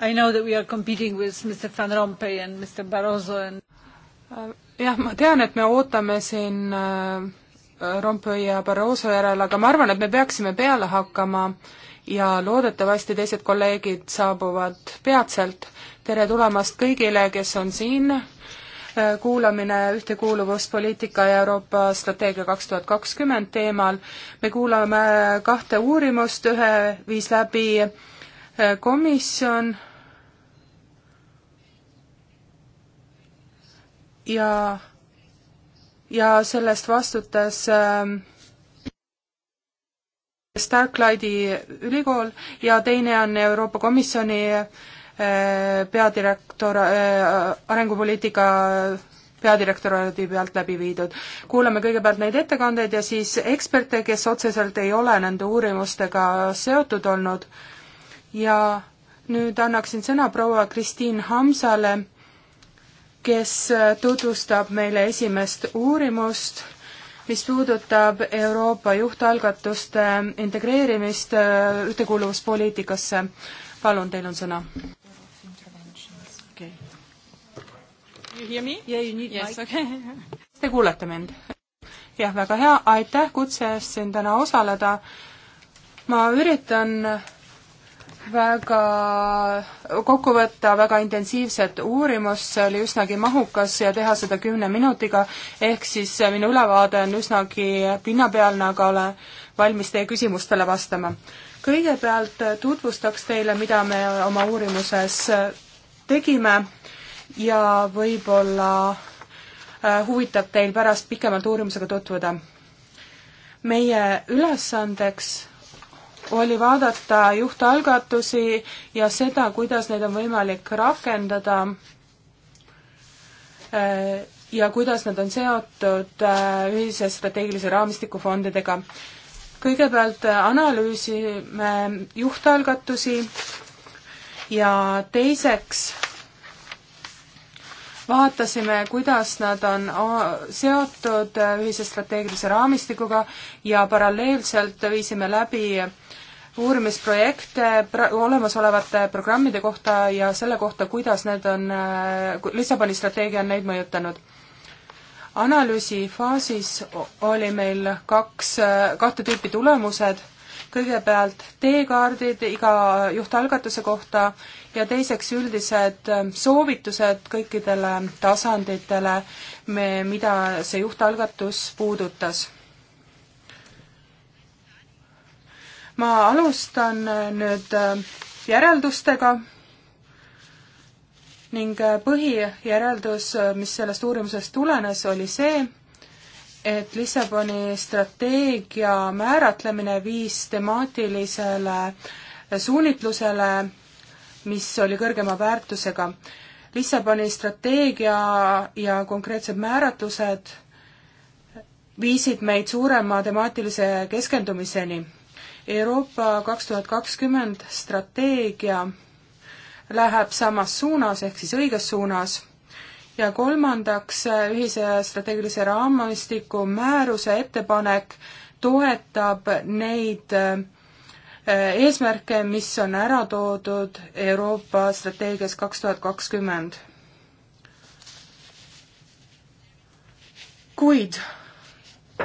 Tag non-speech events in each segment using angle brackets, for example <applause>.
I know that we are competing with Mr Van Rompuy and Mr Barroso and äh, jah, ma tean, et me ootame siin äh, Rompuy ja Barroso järel, aga ma arvan, et me peaksime peale hakkama ja loodetavasti teised kolleegid saabuvad peatselt. tere tulemast kõigile, kes on siin, äh, kuulamine Ühtekuuluvuspoliitika ja Euroopa strateegia kaks tuhat kakskümmend teemal. me kuulame kahte uurimust, ühe viis läbi komisjon ja, ja sellest vastutas äh, Starcladi ülikool ja teine on Euroopa Komisjoni äh, peadirektor äh,, arengupoliitika peadirektoraadi pealt läbi viidud. kuulame kõigepealt neid ettekandeid ja siis eksperte, kes otseselt ei ole nende uurimustega seotud olnud äh,, ja nüüd annaksin sõna proua Kristiin Hamsale, kes äh, tutvustab meile esimest uurimust, mis puudutab Euroopa juhtalgatuste integreerimist äh, ühtekuuluvuspoliitikasse. palun, teil on sõna. <laughs> Te kuulete mind? jah, väga hea, aitäh kutse eest siin täna osaleda. ma üritan väga, kokku võtta väga intensiivset uurimust, see oli üsnagi mahukas ja teha seda kümne minutiga, ehk siis minu ülevaade on üsnagi pinnapealne, aga olen valmis teie küsimustele vastama. kõigepealt tutvustaks teile, mida me oma uurimuses tegime ja võib-olla äh, huvitab teil pärast pikemalt uurimusega tutvuda. meie ülesandeks oli vaadata juhtalgatusi ja seda, kuidas neid on võimalik rakendada äh, ja kuidas nad on seotud äh, ühise strateegilise raamistiku fondidega. kõigepealt äh, analüüsime juhtalgatusi ja teiseks vaatasime, kuidas nad on seotud äh, ühise strateegilise raamistikuga ja paralleelselt viisime läbi uurimisprojekte olemasolevate programmide kohta ja selle kohta, kuidas need on, äh, Lissaboni strateegia on neid mõjutanud. analüüsi faasis oli meil kaks, äh, kahte tüüpi tulemused, kõigepealt teekaardid iga juhtalgatuse kohta ja teiseks üldised ähm, soovitused kõikidele tasanditele, me, mida see juhtalgatus puudutas. ma alustan äh, nüüd ähm, järeldustega ning äh, põhijäreldus, äh, mis sellest uurimusest tulenes, oli see, et Lissaboni strateegia määratlemine viis temaatilisele suunitlusele mis oli kõrgema väärtusega. Lissaboni strateegia ja konkreetsed määratlused viisid meid suurema temaatilise keskendumiseni. Euroopa kaks tuhat kakskümmend strateegia läheb samas suunas, ehk siis õiges suunas ja kolmandaks ühise strateegilise raamistiku määruse ettepanek toetab neid äh, Äh, eesmärke, mis on ära toodud Euroopa strateegias kaks tuhat kakskümmend. kuid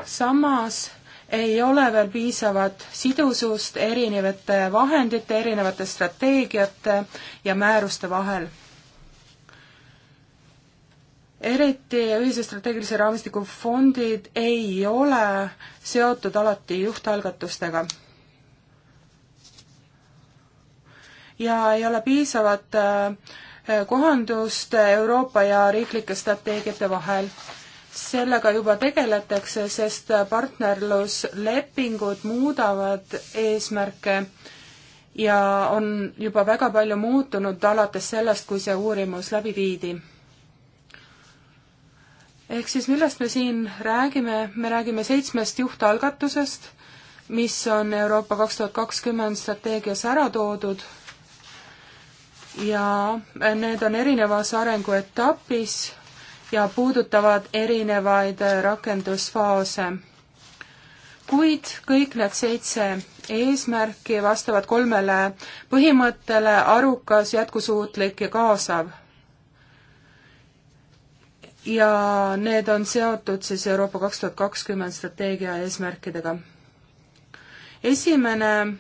samas ei ole veel piisavat sidusust erinevate vahendite, erinevate strateegiate ja määruste vahel eriti ühise strateegilise raamistiku fondid ei ole seotud alati juhtalgatustega. ja ei ole piisavat äh, kohandust Euroopa ja riiklike strateegiate vahel. sellega juba tegeletakse, sest partnerluslepingud muudavad eesmärke ja on juba väga palju muutunud alates sellest, kui see uurimus läbi viidi ehk siis millest me siin räägime, me räägime seitsmest juhtalgatusest, mis on Euroopa kaks tuhat kakskümmend strateegias ära toodud ja äh, need on erinevas arenguetapis ja puudutavad erinevaid äh, rakendusfaase. kuid kõik need seitse eesmärki vastavad kolmele põhimõttele arukas, jätkusuutlik ja kaasav. ja need on seotud siis Euroopa kaks tuhat kakskümmend strateegia eesmärkidega. esimene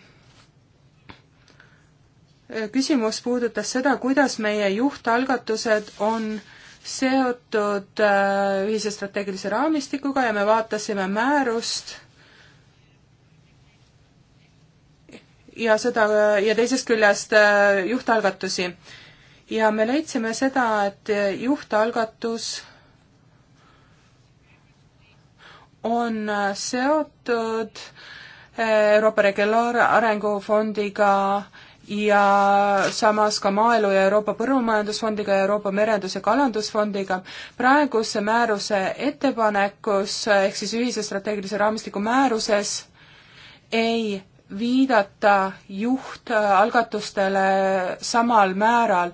küsimus puudutas seda, kuidas meie juhtalgatused on seotud äh, ühise strateegilise raamistikuga ja me vaatasime määrust ja seda ja teisest küljest äh, juhtalgatusi. ja me leidsime seda, et äh, juhtalgatus on seotud Euroopa Regulaararengufondiga äh, ja samas ka Maaelu ja Euroopa Põllumajandusfondiga ja Euroopa Merendus- ja Kalandusfondiga. praeguse määruse ettepanekus ehk siis ühise strateegilise raamistiku määruses ei viidata juhtalgatustele samal määral,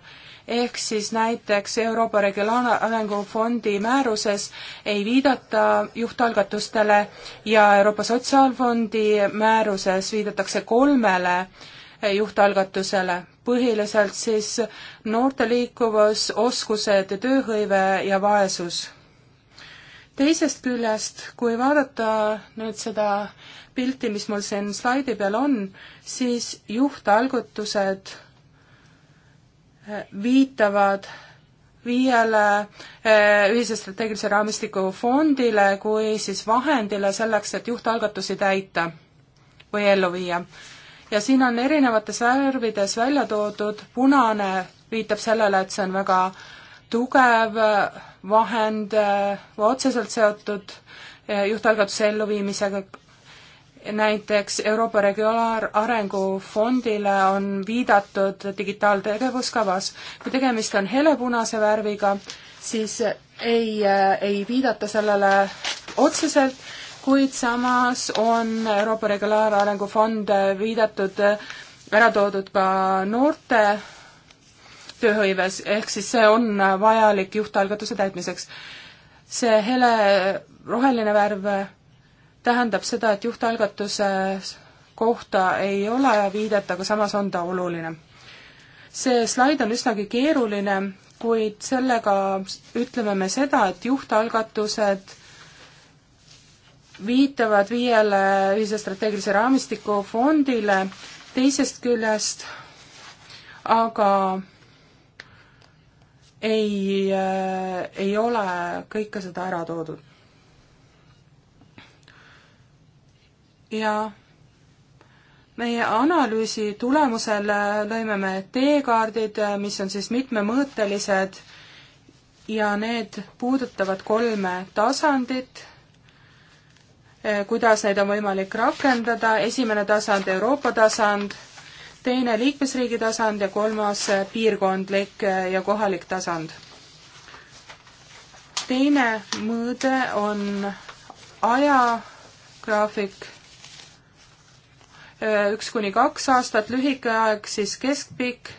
ehk siis näiteks Euroopa Regionaalarengu Fondi määruses ei viidata juhtalgatustele ja Euroopa Sotsiaalfondi määruses viidatakse kolmele äh, juhtalgatusele. põhiliselt siis noorte liikuvus, oskused, tööhõive ja vaesus. teisest küljest, kui vaadata nüüd seda pilti, mis mul siin slaidi peal on, siis juhtalgutused viitavad viiele eh, ühise strateegilise raamistiku fondile kui siis vahendile selleks, et juhtalgatusi täita või ellu viia ja siin on erinevates värvides välja toodud, punane viitab sellele, et see on väga tugev vahend, äh, otseselt seotud äh, juhtalgatuse elluviimisega, näiteks Euroopa Regionaalarengu Fondile on viidatud digitaaltegevuskavas. kui tegemist on helepunase värviga, siis ei, äh, ei viidata sellele otseselt kuid samas on Euroopa Regulaararengu Fond viidatud, ära toodud ka noorte tööhõives, ehk siis see on vajalik juhtalgatuse täitmiseks. see hele roheline värv tähendab seda, et juhtalgatuse kohta ei ole viidet, aga samas on ta oluline. see slaid on üsnagi keeruline, kuid sellega ütleme me seda, et juhtalgatused viitavad viiele ühise strateegilise raamistiku fondile, teisest küljest aga ei äh,, ei ole kõike seda ära toodud. ja meie analüüsi tulemusel lõime me teekaardid, mis on siis mitmemõõtelised ja need puudutavad kolme tasandit Eh, kuidas neid on võimalik rakendada, esimene tasand Euroopa tasand, teine liikmesriigi tasand ja kolmas eh, piirkondlik eh, ja kohalik tasand. teine mõõde on ajagraafik üks kuni kaks aastat, lühike aeg siis keskpikk,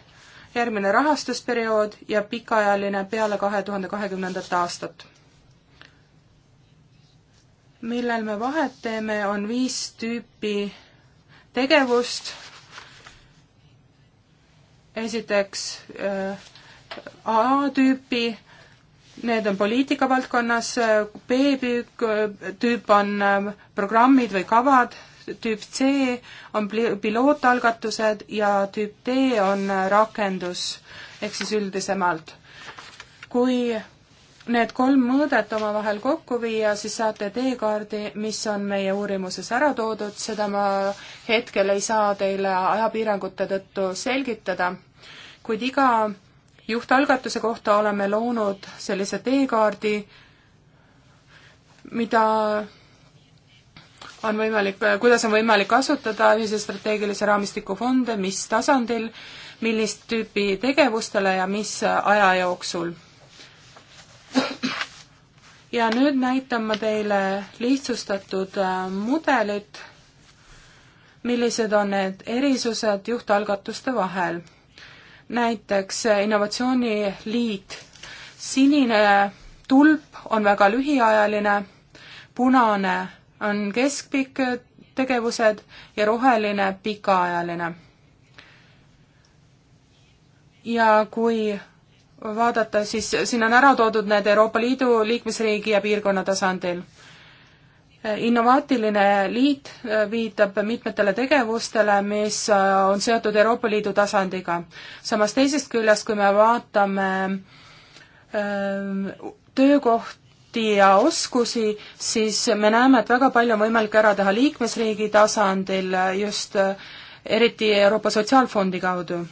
järgmine rahastusperiood ja pikaajaline peale kahe tuhande kahekümnendat aastat millel me vahet teeme, on viis tüüpi tegevust. esiteks äh, A-tüüpi, need on poliitika valdkonnas, B-tüüp äh, on äh, programmid või kavad, tüüp C on pilootalgatused ja tüüp D on äh, rakendus ehk siis üldisemalt. kui need kolm mõõdet omavahel kokku viia, siis saate teekaardi, mis on meie uurimuses ära toodud, seda ma hetkel ei saa teile ajapiirangute tõttu selgitada, kuid iga juhtalgatuse kohta oleme loonud sellise teekaardi, mida on võimalik, kuidas on võimalik kasutada ühise strateegilise raamistiku fonde, mis tasandil, millist tüüpi tegevustele ja mis aja jooksul ja nüüd näitan ma teile lihtsustatud äh, mudelit, millised on need erisused juhtalgatuste vahel. näiteks äh, innovatsiooniliit, sinine tulp on väga lühiajaline, punane on keskpikk äh, tegevused ja roheline pikaajaline. ja kui vaadata, siis siin on ära toodud need Euroopa Liidu liikmesriigi ja piirkonna tasandil. innovaatiline liit äh, viitab mitmetele tegevustele, mis äh, on seotud Euroopa Liidu tasandiga. samas teisest küljest, kui me vaatame ähm, töökohti ja oskusi, siis me näeme, et väga palju on võimalik ära teha liikmesriigi tasandil äh, just eriti Euroopa Sotsiaalfondi kaudu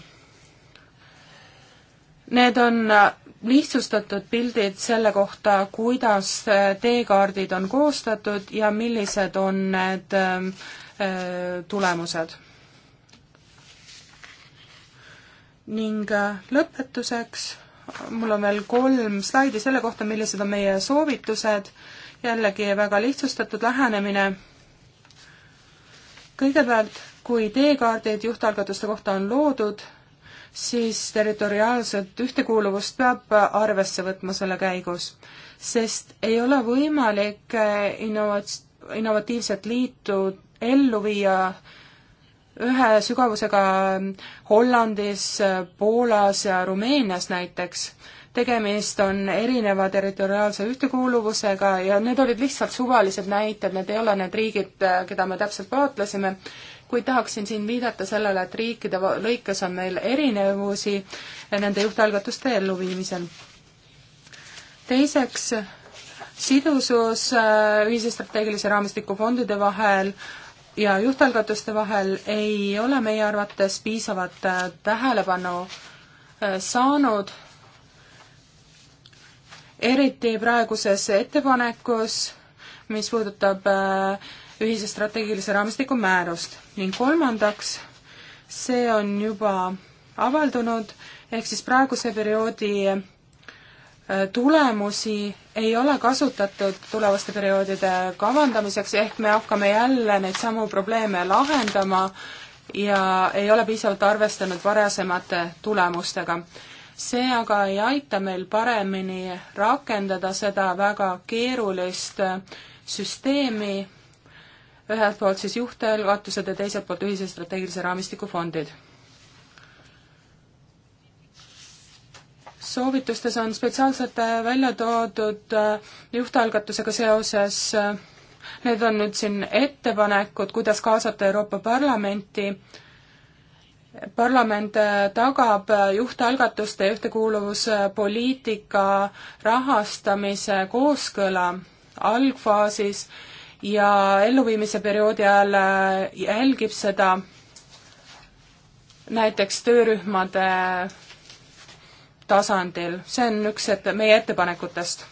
Need on äh, lihtsustatud pildid selle kohta, kuidas äh, teekaardid on koostatud ja millised on need ähm, äh, tulemused. ning lõpetuseks mul on veel kolm slaidi selle kohta, millised on meie soovitused, jällegi väga lihtsustatud lähenemine. kõigepealt, kui teekaardid juhtalgatuste kohta on loodud, siis territoriaalset ühtekuuluvust peab arvesse võtma selle käigus, sest ei ole võimalik eh, innovat-, innovatiivset liitu ellu viia ühe sügavusega Hollandis, Poolas ja Rumeenias näiteks. tegemist on erineva territoriaalse ühtekuuluvusega ja need olid lihtsalt suvalised näited, need ei ole need riigid, keda me täpselt vaatlesime, kuid tahaksin siin viidata sellele, et riikide lõikes on meil erinevusi nende juhtalgatuste elluviimisel. teiseks, sidusus äh, ühise strateegilise raamistiku fondide vahel ja juhtalgatuste vahel ei ole meie arvates piisavat äh, tähelepanu äh, saanud, eriti praeguses ettepanekus, mis puudutab ühise strateegilise raamistiku määrust ning kolmandaks, see on juba avaldunud, ehk siis praeguse perioodi äh, tulemusi ei ole kasutatud tulevaste perioodide kavandamiseks, ehk me hakkame jälle neid samu probleeme lahendama ja ei ole piisavalt arvestanud varasemate tulemustega. see aga ei aita meil paremini rakendada seda väga keerulist äh, süsteemi, ühelt poolt siis juhtalgatused ja teiselt poolt ühise strateegilise raamistiku fondid. soovitustes on spetsiaalselt äh, välja toodud äh, juhtalgatusega seoses, äh, need on nüüd siin ettepanekud, kuidas kaasata Euroopa Parlamenti, parlament tagab juhtalgatuste ja ühtekuuluvuspoliitika rahastamise kooskõla algfaasis ja elluviimise perioodi ajal äh, jälgib seda näiteks töörühmade tasandil, see on üks ette, meie ettepanekutest.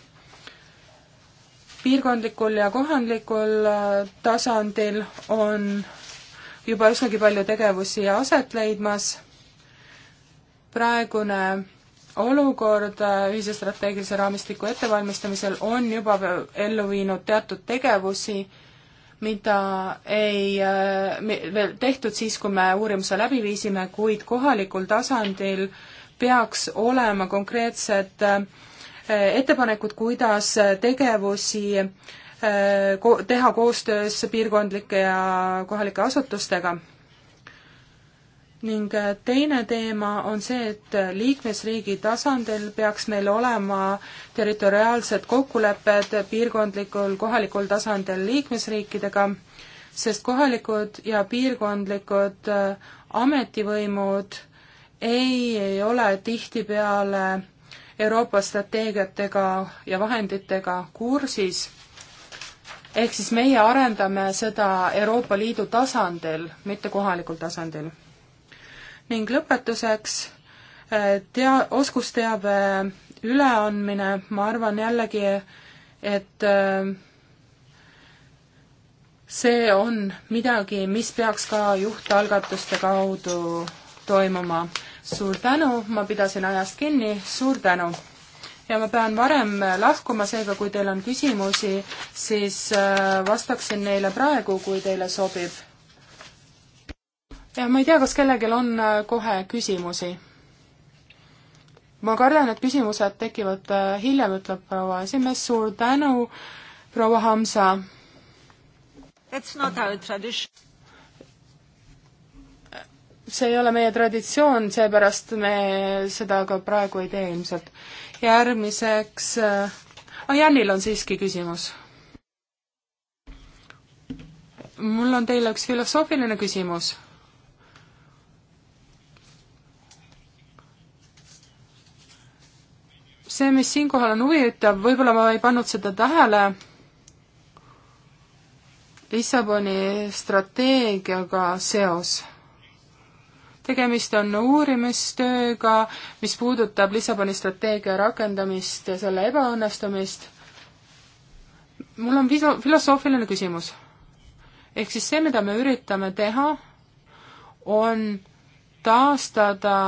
piirkondlikul ja kohandlikul äh, tasandil on juba üsnagi palju tegevusi aset leidmas, praegune olukord äh, ühise strateegilise raamistiku ettevalmistamisel on juba ellu viinud teatud tegevusi, mida ei äh, veel tehtud siis, kui me uurimuse läbi viisime, kuid kohalikul tasandil peaks olema konkreetsed äh, ettepanekud, kuidas tegevusi teha koostöös piirkondlike ja kohalike asutustega ning äh, teine teema on see, et äh, liikmesriigi tasandil peaks meil olema territoriaalsed kokkulepped piirkondlikul, kohalikul tasandil liikmesriikidega, sest kohalikud ja piirkondlikud äh, ametivõimud ei, ei ole tihtipeale Euroopa strateegiatega ja vahenditega kursis ehk siis meie arendame seda Euroopa Liidu tasandil, mitte kohalikul tasandil ning lõpetuseks eh, tea-, oskusteabe üleandmine, ma arvan jällegi, et eh, see on midagi, mis peaks ka juhtalgatuste kaudu toimuma. suur tänu, ma pidasin ajast kinni, suur tänu! ja ma pean varem lahkuma, seega kui teil on küsimusi, siis eh, vastaksin neile praegu, kui teile sobib ja ma ei tea, kas kellelgi on äh, kohe küsimusi? ma kardan, et küsimused tekivad äh, hiljem, ütleb proua esimees, suur tänu, proua Hamsa. That's not our tradition. see ei ole meie traditsioon, seepärast me seda ka praegu ei tee ilmselt. järgmiseks äh,, ah, Janil on siiski küsimus mul on teile üks filosoofiline küsimus. see, mis siinkohal on huvitav, võib-olla ma ei pannud seda tähele, Lissaboni strateegiaga seos. tegemist on uurimistööga, mis puudutab Lissaboni strateegia rakendamist ja selle ebaõnnestumist. mul on viso-, filosoofiline küsimus. ehk siis see, mida me üritame teha, on taastada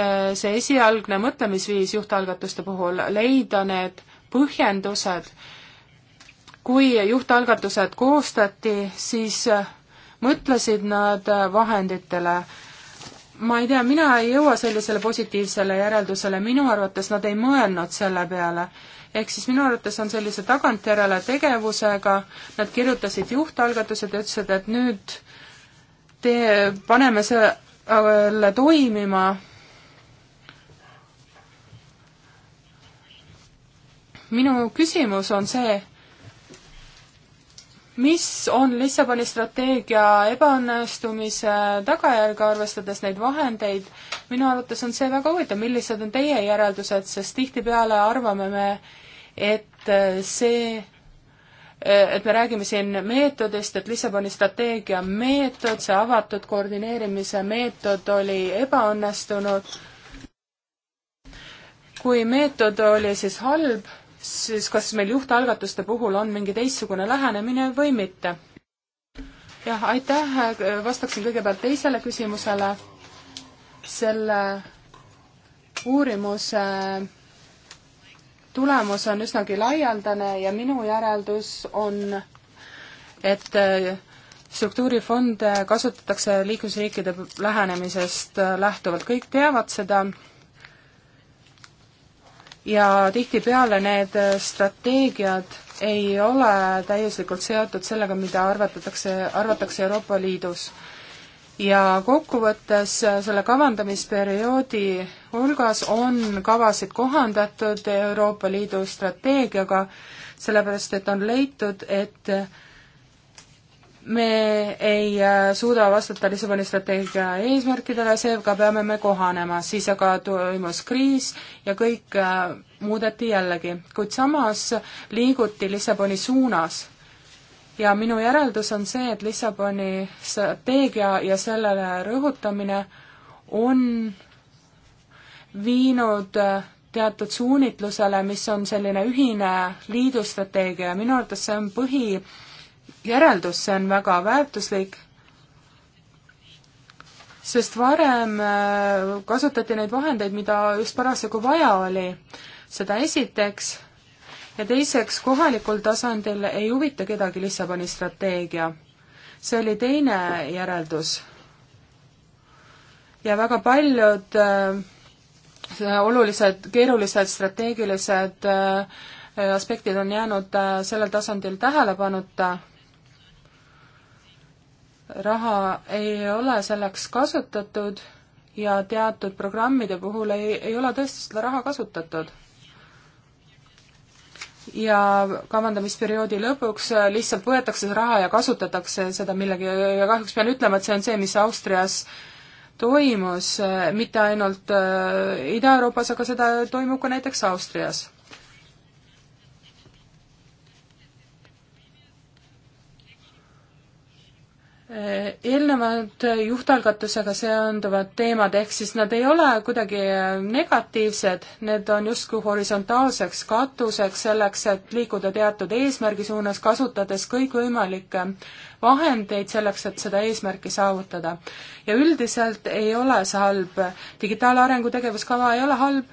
Äh, see esialgne mõtlemisviis juhtalgatuste puhul, leida need põhjendused. kui juhtalgatused koostati, siis äh, mõtlesid nad äh, vahenditele. ma ei tea, mina ei jõua sellisele positiivsele järeldusele, minu arvates nad ei mõelnud selle peale. ehk siis minu arvates on sellise tagantjärele tegevusega, nad kirjutasid juhtalgatused ja ütlesid, et nüüd te, paneme selle toimima minu küsimus on see, mis on Lissaboni strateegia ebaõnnestumise tagajärg, arvestades neid vahendeid, minu arvates on see väga huvitav, millised on teie järeldused, sest tihtipeale arvame me, et äh, see, äh, et me räägime siin meetodist, et Lissaboni strateegia meetod, see avatud koordineerimise meetod oli ebaõnnestunud, kui meetod oli siis halb siis kas meil juhtalgatuste puhul on mingi teistsugune lähenemine või mitte? jah, aitäh, vastaksin kõigepealt teisele küsimusele. selle uurimuse tulemus on üsnagi laialdane ja minu järeldus on, et struktuurifonde kasutatakse liikmesriikide lähenemisest lähtuvalt, kõik teavad seda ja tihtipeale need äh, strateegiad ei ole täiuslikult seotud sellega, mida arvatatakse, arvatakse Euroopa Liidus. ja kokkuvõttes äh, selle kavandamisperioodi hulgas on kavasid kohandatud Euroopa Liidu strateegiaga, sellepärast et on leitud, et me ei äh, suuda vastata Lissaboni strateegia eesmärkidele, seega peame me kohanema, siis aga toimus kriis ja kõik äh, muudeti jällegi, kuid samas liiguti Lissaboni suunas. ja minu järeldus on see, et Lissaboni strateegia ja sellele rõhutamine on viinud äh, teatud suunitlusele, mis on selline ühine liidustrateegia ja minu arvates see on põhi järeldus, see on väga väärtuslik, sest varem äh, kasutati neid vahendeid, mida just parasjagu vaja oli. seda esiteks, ja teiseks, kohalikul tasandil ei huvita kedagi Lissaboni strateegia. see oli teine järeldus. ja väga paljud äh, olulised, keerulised strateegilised äh, aspektid on jäänud äh, sellel tasandil tähelepanuta raha ei ole selleks kasutatud ja teatud programmide puhul ei, ei ole tõesti seda raha kasutatud. ja kavandamisperioodi lõpuks lihtsalt võetakse see raha ja kasutatakse seda millegi, ja kahjuks pean ütlema, et see on see, mis Austrias toimus, mitte ainult äh, Ida-Euroopas, aga seda toimub ka näiteks Austrias eelnevad juhtalgatusega seonduvad teemad, ehk siis nad ei ole kuidagi negatiivsed, need on justkui horisontaalseks katuseks selleks, et liikuda teatud eesmärgi suunas, kasutades kõikvõimalikke vahendeid selleks, et seda eesmärki saavutada. ja üldiselt ei ole see halb, digitaalarengu tegevuskava ei ole halb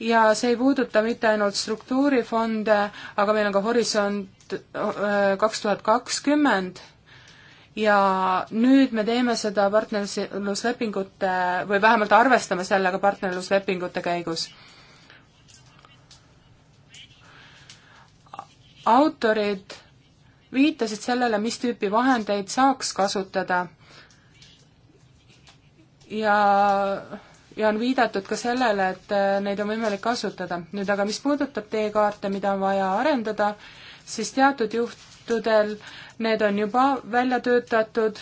ja see ei puuduta mitte ainult struktuurifonde, aga meil on ka Horisont äh, kaks tuhat kakskümmend ja nüüd me teeme seda partnerluslepingute või vähemalt arvestame sellega partnerluslepingute käigus. autorid viitasid sellele, mis tüüpi vahendeid saaks kasutada ja, ja on viidatud ka sellele, et äh, neid on võimalik kasutada. nüüd aga mis puudutab teekaarte, mida on vaja arendada, siis teatud juht, juhtudel, need on juba välja töötatud,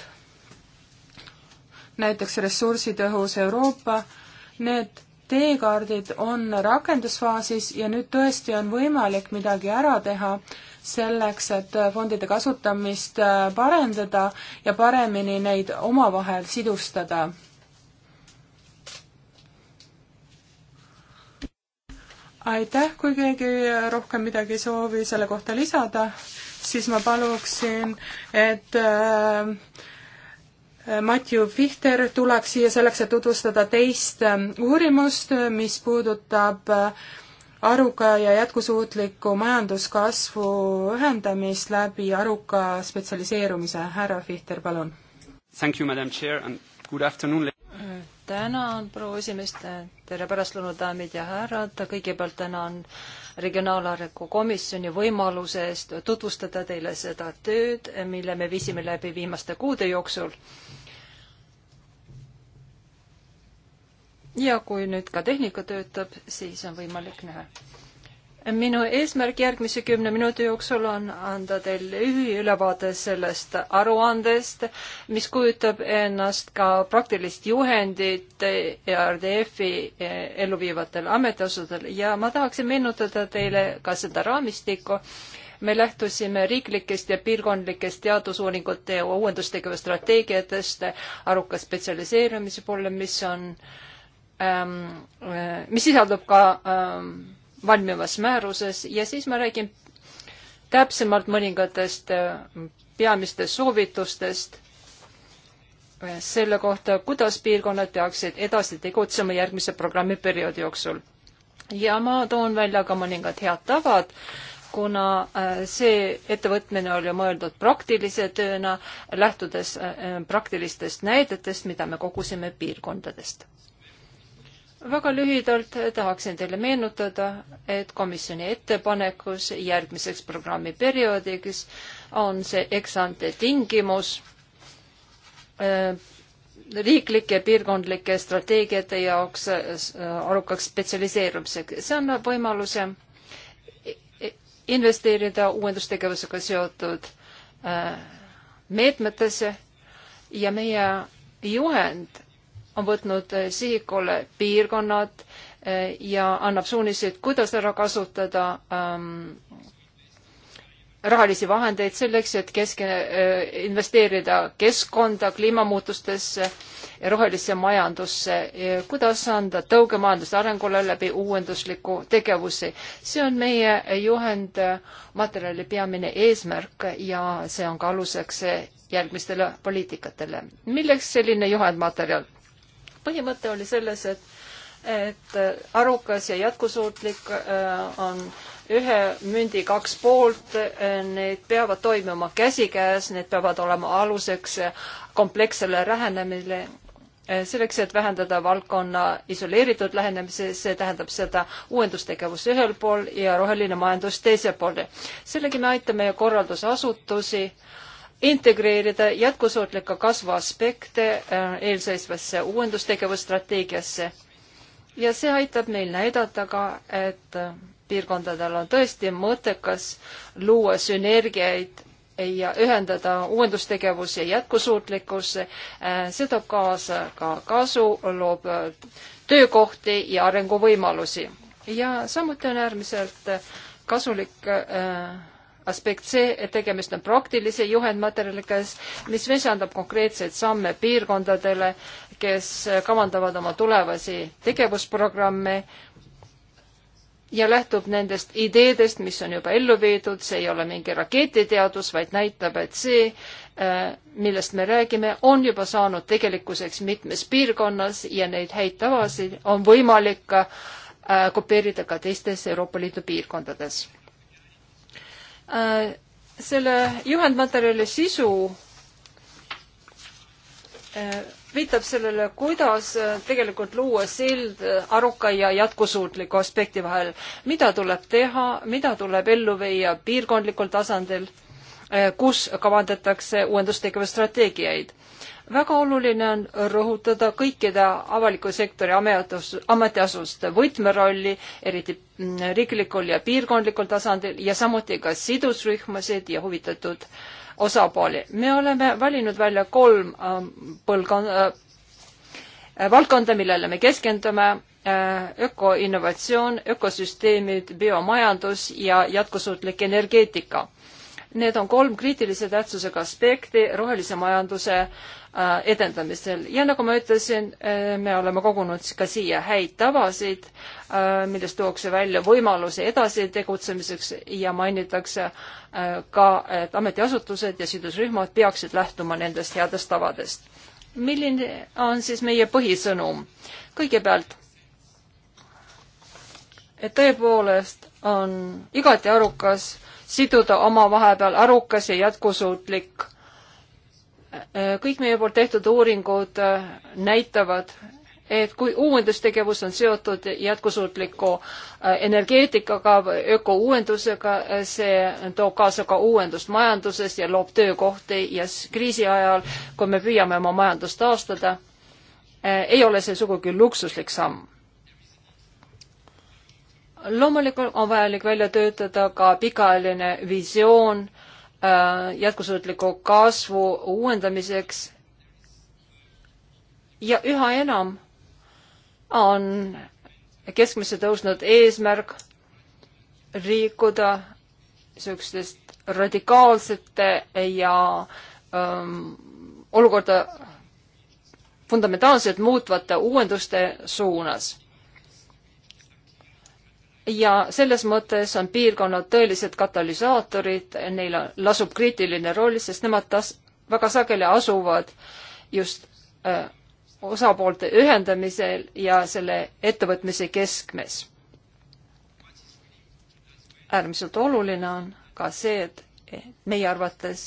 näiteks ressursitõhus Euroopa, need teekaardid on rakendusfaasis ja nüüd tõesti on võimalik midagi ära teha selleks, et fondide kasutamist parendada ja paremini neid omavahel sidustada. aitäh, kui keegi rohkem midagi ei soovi selle kohta lisada siis ma paluksin, et äh, Matju Fihter tuleks siia selleks, et tutvustada teist äh, uurimust, mis puudutab äh, aruka ja jätkusuutliku majanduskasvu ühendamist läbi aruka spetsialiseerumise. härra Fihter, palun. tänan, proua esimees, tere pärastlõunat, daamid ja härrad, kõigepealt tänan Regionaalarengu Komisjoni võimaluse eest tutvustada teile seda tööd, mille me viisime läbi viimaste kuude jooksul. ja kui nüüd ka tehnika töötab, siis on võimalik näha minu eesmärk järgmise kümne minuti jooksul on anda teile ülevaade sellest aruandest, mis kujutab ennast ka praktilist juhendit ERDF-i e, elluviivatel ametiasutusel ja ma tahaksin meenutada teile ka seda raamistikku. me lähtusime riiklikest ja piirkondlikest teadusuuringute ja uuendustegevuse strateegiatest, aruka spetsialiseerumise poole, mis on ähm,, äh, mis sisaldub ka ähm, valmivas määruses ja siis ma räägin täpsemalt mõningatest äh, peamistest soovitustest äh, selle kohta, kuidas piirkonnad peaksid edasi tegutsema järgmise programmiperioodi jooksul. ja ma toon välja ka mõningad head tavad, kuna äh, see ettevõtmine oli mõeldud praktilise tööna, lähtudes praktilistest näidetest, mida me kogusime piirkondadest väga lühidalt tahaksin teile meenutada, et komisjoni ettepanekus järgmiseks programmiperioodiks on see eksante tingimus äh, riiklike piirkondlike strateegiate jaoks äh, arukaks spetsialiseerumiseks. see annab võimaluse investeerida uuendustegevusega seotud äh, meetmetesse ja meie juhend on võtnud eh, sihikule piirkonnad eh, ja annab suuniseid, kuidas ära kasutada ähm, rahalisi vahendeid selleks, et keske- äh,, investeerida keskkonda, kliimamuutustesse ja rohelisse majandusse, kuidas anda tõuge majanduse arengule läbi uuendusliku tegevusi. see on meie juhendmaterjali peamine eesmärk ja see on ka aluseks järgmistele poliitikatele. milleks selline juhendmaterjal? põhimõte oli selles, et, et äh, arukas ja jätkusuutlik äh, on ühe mündi kaks poolt, äh, need peavad toimima käsikäes, need peavad olema aluseks komplekssele lähenemisele selleks, et vähendada valdkonna isoleeritud lähenemisi, see tähendab seda uuendustegevus ühel pool ja roheline majandus teisel pool. sellegi me aitame korraldusasutusi äh, integreerida jätkusuutliku kasvu aspekte äh, eelseisvasse uuendustegevusstrateegiasse. ja see aitab meil näidata ka, et äh, piirkondadel on tõesti mõttekas luua sünergiaid ja ühendada uuendustegevus ja jätkusuutlikkus. Äh, see toob kaasa ka kasu, loob töökohti ja arenguvõimalusi ja samuti on äärmiselt kasulik äh, aspekt see, et tegemist on praktilise juhendmaterjaliga, mis visandab konkreetseid samme piirkondadele, kes kavandavad oma tulevasi tegevusprogramme ja lähtub nendest ideedest, mis on juba ellu viidud, see ei ole mingi raketiteadus, vaid näitab, et see, äh, millest me räägime, on juba saanud tegelikkuseks mitmes piirkonnas ja neid häid tavasid on võimalik ka äh, kopeerida ka teistes Euroopa Liidu piirkondades Äh, selle juhendmaterjali sisu äh, viitab sellele, kuidas äh, tegelikult luua sild aruka ja jätkusuutliku aspekti vahel. mida tuleb teha, mida tuleb ellu viia piirkondlikul tasandil, kus kavandatakse uuendustegevusstrateegiaid väga oluline on rõhutada kõikide avaliku sektori ametus, ametiasutuste võtmerolli, eriti mm, riiklikul ja piirkondlikul tasandil ja samuti ka sidusrühmasid ja huvitatud osapooli. me oleme valinud välja kolm ähm, põlvkonda äh,, valdkonda, millele me keskendume äh,, ökoinnovatsioon, ökosüsteemid, biomajandus ja jätkusuutlik energeetika. Need on kolm kriitilise tähtsusega aspekti rohelise majanduse äh, Äh, edendamisel ja nagu ma ütlesin, äh, me oleme kogunud ka siia häid tavasid, äh, millest tuuakse välja võimalusi edasi tegutsemiseks ja mainitakse ka, et ametiasutused ja sidusrühmad peaksid lähtuma nendest headest tavadest. milline on siis meie põhisõnum? kõigepealt, et tõepoolest on igati arukas siduda omavahepeal arukas ja jätkusuutlik äh, kõik meie poolt tehtud uuringud äh, näitavad, et kui uuendustegevus on seotud jätkusuutliku äh, energeetikaga, ökouuendusega, äh, see toob kaasa ka uuendust majanduses ja loob töökohti ja kriisi ajal, kui me püüame oma majandust taastada, ei ole see sugugi luksuslik samm. loomulikult on vajalik välja töötada ka pikaajaline visioon äh, Äh, jätkusuutliku kasvu uuendamiseks. ja üha enam on keskmisse tõusnud eesmärk liikuda niisugustest radikaalsete ja ähm, olukorda fundamentaalselt muutvate uuenduste suunas ja selles mõttes on piirkonnad tõelised katalüsaatorid, neil lasub kriitiline roll, sest nemad tas-, väga sageli asuvad just äh, osapoolte ühendamisel ja selle ettevõtmise keskmes. äärmiselt oluline on ka see, et meie arvates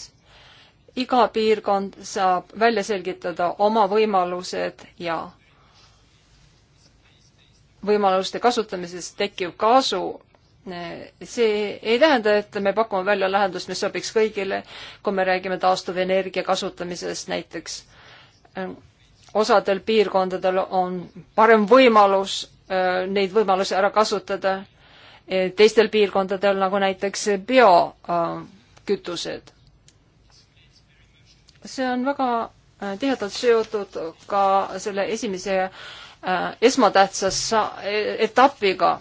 iga piirkond saab välja selgitada oma võimalused ja võimaluste kasutamisest tekkiv kasu, see ei tähenda, et me pakume välja lahendust, mis sobiks kõigile, kui me räägime taastuvenergia kasutamisest näiteks. osadel piirkondadel on parem võimalus neid võimalusi ära kasutada, teistel piirkondadel nagu näiteks biokütused. see on väga äh, tihedalt seotud ka selle esimese Äh, esmatähtsas etapiga.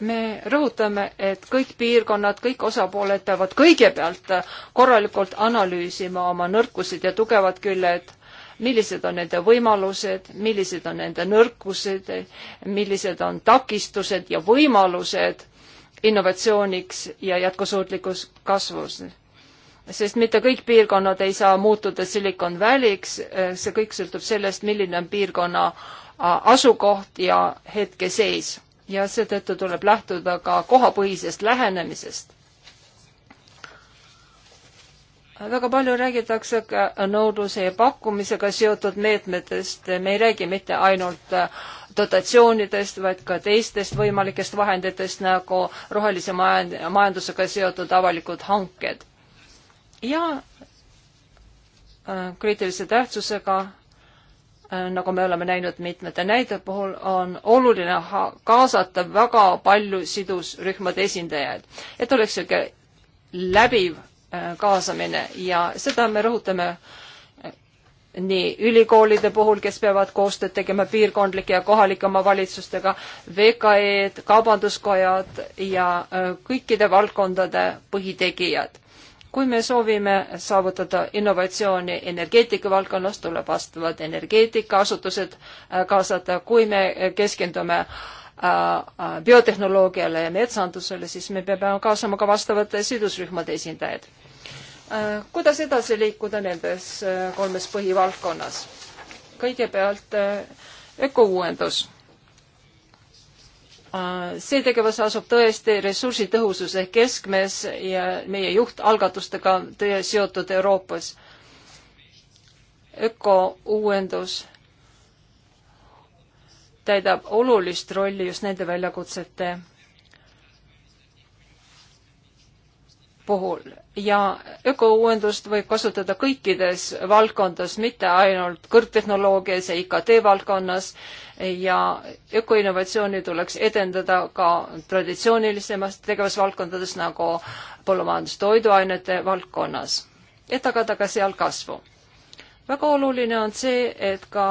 me rõhutame, et kõik piirkonnad, kõik osapooled peavad kõigepealt korralikult analüüsima oma nõrkused ja tugevad küljed, millised on nende võimalused, millised on nende nõrkused, millised on takistused ja võimalused innovatsiooniks ja jätkusuutlikus kasvus sest mitte kõik piirkonnad ei saa muutuda Silicon Valley'ks, see kõik sõltub sellest, milline on piirkonna asukoht ja hetkeseis ja seetõttu tuleb lähtuda ka kohapõhisest lähenemisest. väga palju räägitakse ka nõudluse ja pakkumisega seotud meetmetest, me ei räägi mitte ainult äh, dotatsioonidest, vaid ka teistest võimalikest vahenditest nagu rohelise majand-, majandusega seotud avalikud hanked. ja äh, kriitilise tähtsusega Äh, nagu me oleme näinud mitmete näide puhul, on oluline kaasata väga palju sidusrühmade esindajaid, et oleks niisugune läbiv äh, kaasamine ja seda me rõhutame äh, nii ülikoolide puhul, kes peavad koostööd tegema piirkondlike ja kohalike omavalitsustega, VKE-d, kaubanduskojad ja kõikide valdkondade põhitegijad kui me soovime saavutada innovatsiooni energeetika valdkonnas, tuleb vastavad energeetikaasutused äh, kaasata, kui me keskendume äh, äh, biotehnoloogiale ja metsandusele, siis me peame kaasama ka vastavate sidusrühmade esindajad. kuidas edasi liikuda nendes kolmes põhivaldkonnas? kõigepealt ökouuendus Äh, see tegevus asub tõesti ressursitõhususe keskmes ja meie juhtalgatustega seotud Euroopas. ökouuendus täidab olulist rolli just nende väljakutsete puhul ja ökouuendust võib kasutada kõikides valdkondades, mitte ainult kõrgtehnoloogias ja IKT valdkonnas ja ökoinnovatsiooni tuleks edendada ka traditsioonilisemas tegevusvaldkondades nagu põllumajandustoiduainete valdkonnas, et tagada ka seal kasvu. väga oluline on see, et ka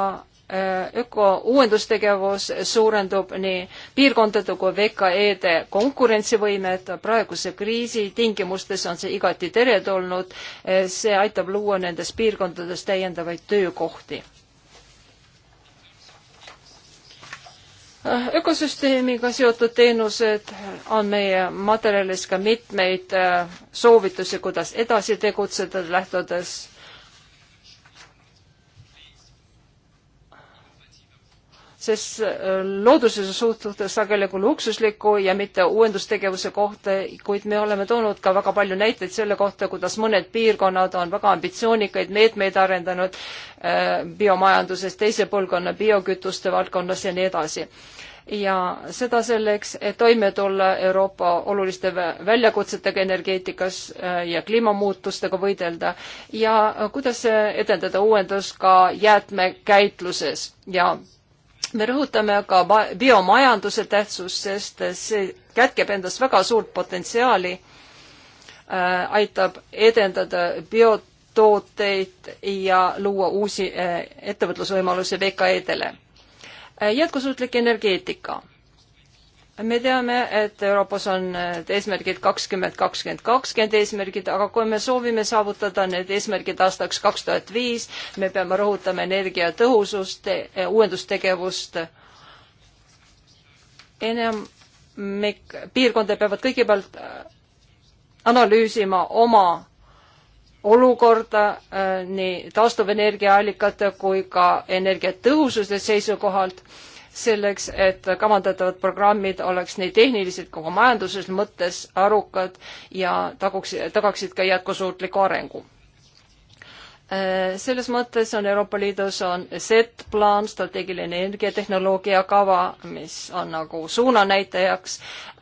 Äh, öko uuendustegevus suurendub nii piirkondade kui VKE-de konkurentsivõimet. praeguse kriisi tingimustes on see igati teretulnud. Äh, see aitab luua nendes piirkondades täiendavaid töökohti. Äh, ökosüsteemiga seotud teenused on meie materjalis ka mitmeid soovitusi, kuidas edasi tegutseda, lähtudes sest äh, loodusesse suhtuda sageli kui luksuslikku ja mitte uuendustegevuse kohta, kuid me oleme toonud ka väga palju näiteid selle kohta, kuidas mõned piirkonnad on väga ambitsioonikaid meetmeid arendanud äh, biomajanduses, teise põlvkonna biokütuste valdkonnas ja nii edasi ja seda selleks, et toime tulla Euroopa oluliste väljakutsetega energeetikas äh, ja kliimamuutustega võidelda ja äh, kuidas edendada uuendus ka jäätmekäitluses ja me rõhutame aga biomajanduse tähtsust, sest see kätkeb endas väga suurt potentsiaali äh,, aitab edendada biotooteid ja luua uusi äh, ettevõtlusvõimalusi VKE-dele äh,. jätkusuutlik energeetika me teame, et Euroopas on need eesmärgid kakskümmend, kakskümmend, kakskümmend eesmärgid, aga kui me soovime saavutada need eesmärgid aastaks kaks tuhat viis, me peame rõhutama energiatõhusust, e-, uuendustegevust. enamik piirkondi peavad kõigepealt äh, analüüsima oma olukorda äh, nii taastuvenergiaallikate kui ka energiatõhususe seisukohalt selleks, et kavandatavad programmid oleks nii tehniliselt kui ka majanduses mõttes arukad ja taguks, tagaksid ka jätkusuutliku arengu. Äh, selles mõttes on Euroopa Liidus on Z-plaan, strateegiline energiatehnoloogia kava, mis on nagu suunanäitajaks,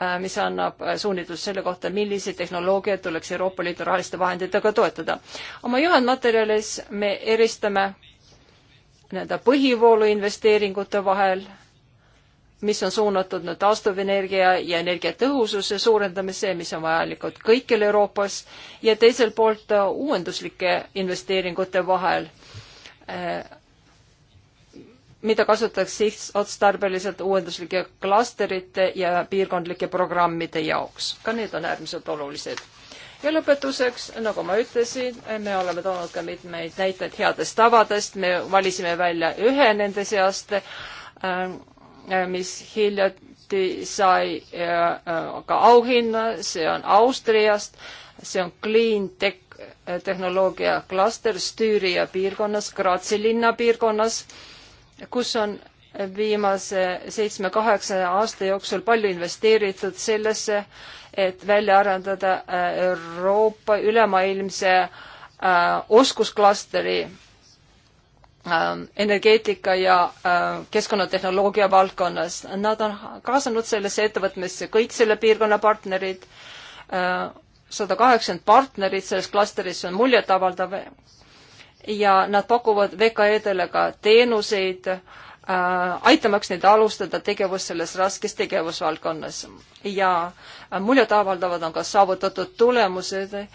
äh, mis annab äh, suunitlust selle kohta, milliseid tehnoloogiaid tuleks Euroopa Liidu rahaliste vahenditega toetada. oma juhendmaterjalis me eristame nii-öelda põhivoolu investeeringute vahel, mis on suunatud nüüd taastuvenergia ja energiatõhususe suurendamise, mis on vajalikud kõikjal Euroopas, ja teiselt poolt äh, uuenduslike investeeringute vahel, äh, mida kasutatakse sihtotstarbeliselt uuenduslike klasterite ja piirkondlike programmide jaoks. ka need on äärmiselt olulised ja lõpetuseks, nagu ma ütlesin, me oleme toonud ka mitmeid näiteid headest tavadest, me valisime välja ühe nende seast, ähm, mis hiljuti sai äh, äh, ka auhinna, see on Austriast, see on Clean Tech äh, tehnoloogia klaster Stüüria piirkonnas, Graatsi linna piirkonnas, kus on viimase seitsme-kaheksa aasta jooksul palju investeeritud sellesse, et välja arendada äh, Euroopa ülemaailmse äh, oskusklasteri ähm, energeetika ja äh, keskkonnatehnoloogia valdkonnas. Nad on kaasanud sellesse ettevõtmesse kõik selle piirkonna partnerid, sada kaheksakümmend partnerit selles klastris, see on muljetavaldav. ja nad pakuvad VKE-dele ka teenuseid äh, Äh, aitamaks neid alustada tegevust selles raskes tegevusvaldkonnas. ja äh, muljetavaldavad on ka saavutatud tulemused. Äh,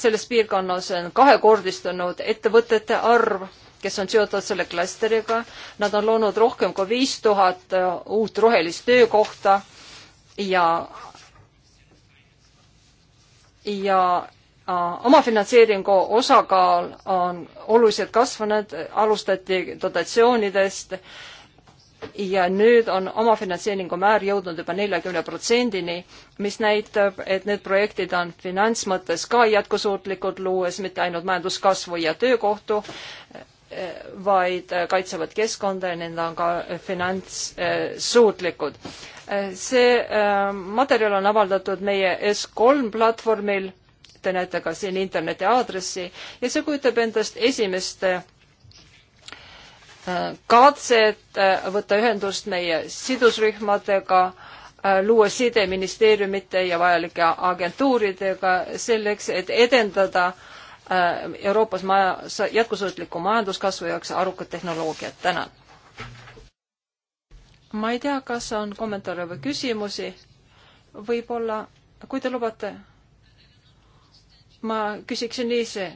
selles piirkonnas on kahekordistunud ettevõtete arv, kes on seotud selle klastriga. Nad on loonud rohkem kui viis tuhat uut rohelist töökohta ja ja Äh, omafinantseeringu osakaal on oluliselt kasvanud, alustati dotatsioonidest ja nüüd on omafinantseeringu määr jõudnud juba neljakümne protsendini, mis näitab, et need projektid on finants mõttes ka jätkusuutlikud, luues mitte ainult majanduskasvu ja töökohtu, vaid kaitsevad keskkonda ja need on ka finantssuutlikud. see äh, materjal on avaldatud meie S3 platvormil te näete ka siin interneti aadressi ja see kujutab endast esimest äh, katset äh, võtta ühendust meie sidusrühmadega, äh, luua side ministeeriumite ja vajalike agentuuridega selleks, et edendada Euroopas maja, jätkusuutliku majanduskasvu jaoks arukad tehnoloogiad. tänan. ma ei tea, kas on kommentaare või küsimusi. võib-olla, kui te lubate ma küsiksin ise.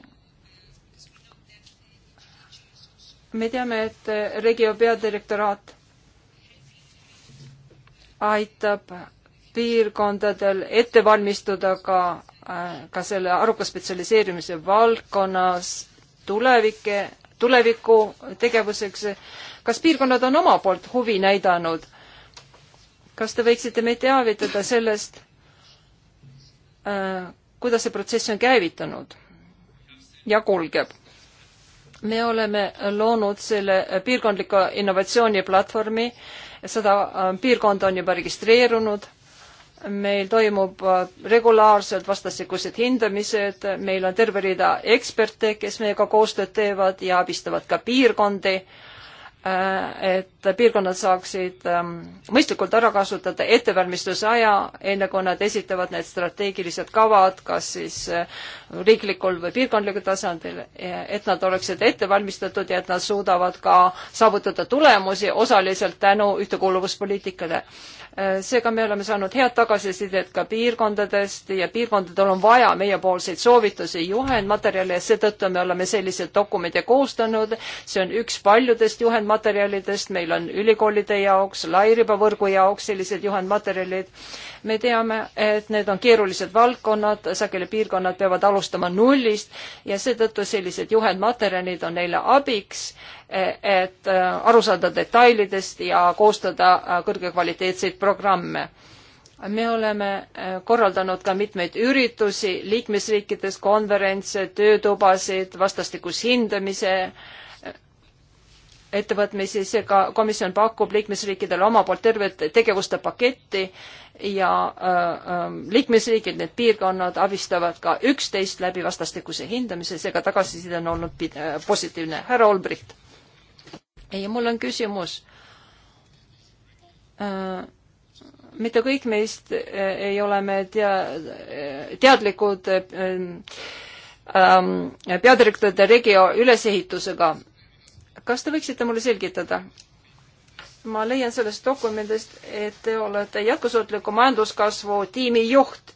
me teame, et Regio peadirektoraat aitab piirkondadel ette valmistuda ka, äh, ka selle aruka spetsialiseerimise valdkonnas tulevike, tuleviku tegevuseks. kas piirkonnad on oma poolt huvi näidanud? kas te võiksite meid teavitada sellest, äh, kuidas see protsess on käivitunud ja kulgeb. me oleme loonud selle piirkondliku innovatsiooniplatvormi, seda äh, piirkonda on juba registreerunud, meil toimub äh, regulaarselt vastastikused hindamised, meil on terve rida eksperte, kes meiega koostööd teevad ja abistavad ka piirkondi äh, Äh, et piirkonnad saaksid ähm, mõistlikult ära kasutada ettevalmistuse aja, enne kui nad esitavad need strateegilised kavad, kas siis äh, riiklikul või piirkondlikul tasandil, et nad oleksid ette valmistatud ja et nad suudavad ka saavutada tulemusi osaliselt tänu ühtekuuluvuspoliitikale. Äh, seega me oleme saanud head tagasisidet ka piirkondadest ja piirkondadel on vaja meiepoolseid soovitusi, juhendmaterjale ja seetõttu me oleme selliseid dokumente koostanud. see on üks paljudest juhendmaterjalidest, meil on ülikoolide jaoks, lairibavõrgu jaoks sellised juhendmaterjalid. me teame, et need on keerulised valdkonnad, sageli piirkonnad peavad alustama nullist ja seetõttu sellised juhendmaterjalid on neile abiks et äh, aru saada detailidest ja koostada äh, kõrgekvaliteetseid programme. me oleme äh, korraldanud ka mitmeid üritusi liikmesriikides, konverentse, töötubasid, vastastikuse hindamise ettevõtmisi, seega komisjon pakub liikmesriikidele oma poolt tervet tegevuste paketti ja äh, liikmesriigid, need piirkonnad abistavad ka üksteist läbi vastastikuse hindamise, seega tagasiside on olnud positiivne. härra Olbricht ja mul on küsimus. Äh, mitte kõik meist äh, ei ole me tea-, äh, teadlikud ähm, peadirektorite regio ülesehitusega. kas te võiksite mulle selgitada? ma leian sellest dokumendist, et te olete jätkusuutliku majanduskasvu tiimi juht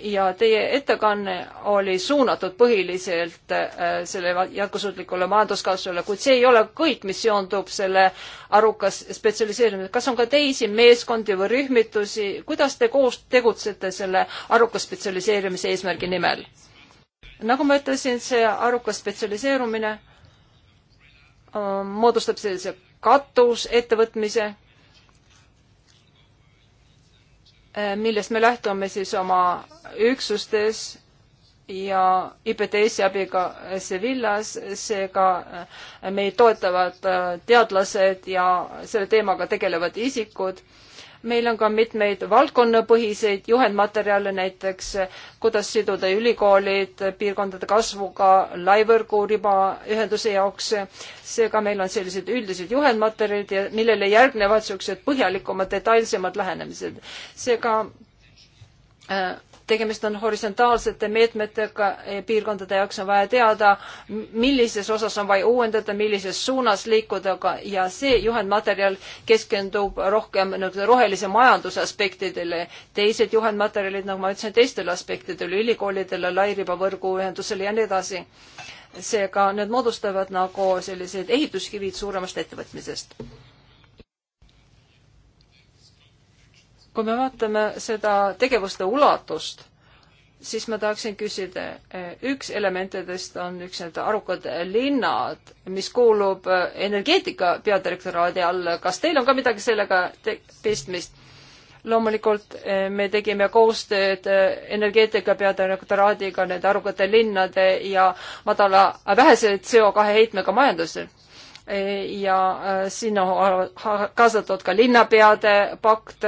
ja teie ettekanne oli suunatud põhiliselt äh, selle jätkusuutlikule majanduskasvule, kuid see ei ole kõik, mis seondub selle arukas spetsialiseerimisega. kas on ka teisi meeskondi või rühmitusi, kuidas te koos tegutsete selle aruka spetsialiseerimise eesmärgi nimel? nagu ma ütlesin, see arukas spetsialiseerumine äh, moodustab sellise katusettevõtmise Eh, millest me lähtume siis oma üksustes ja IPTS-i abiga Sevillas, seega eh, meid toetavad eh, teadlased ja selle teemaga tegelevad isikud meil on ka mitmeid valdkonnapõhiseid juhendmaterjale, näiteks eh, kuidas siduda ülikoolid piirkondade kasvuga laivõrgu ribaühenduse jaoks. seega meil on sellised üldised juhendmaterjalid ja millele järgnevad niisugused põhjalikumad, detailsemad lähenemised. seega äh, tegemist on horisontaalsete meetmetega, eh, piirkondade jaoks on vaja teada, millises osas on vaja uuendada, millises suunas liikuda, aga ja see juhendmaterjal keskendub rohkem nii-öelda rohelise majanduse aspektidele. teised juhendmaterjalid, nagu ma ütlesin, teistele aspektidele, ülikoolidele, lairibavõrguühendusele ja nii edasi. seega need moodustavad nagu sellised ehituskivid suuremast ettevõtmisest kui me vaatame seda tegevuste ulatust, siis ma tahaksin küsida, eh, üks elementidest on üks need arukad linnad, mis kuulub eh, energeetika peadirektoraadi alla, kas teil on ka midagi sellega pistmist? loomulikult eh, me tegime koostööd energeetika peadirektoraadiga nende arukate linnade ja madala, vähese CO2 heitmega majandusel ja sinna kaasatud ka linnapeade pakt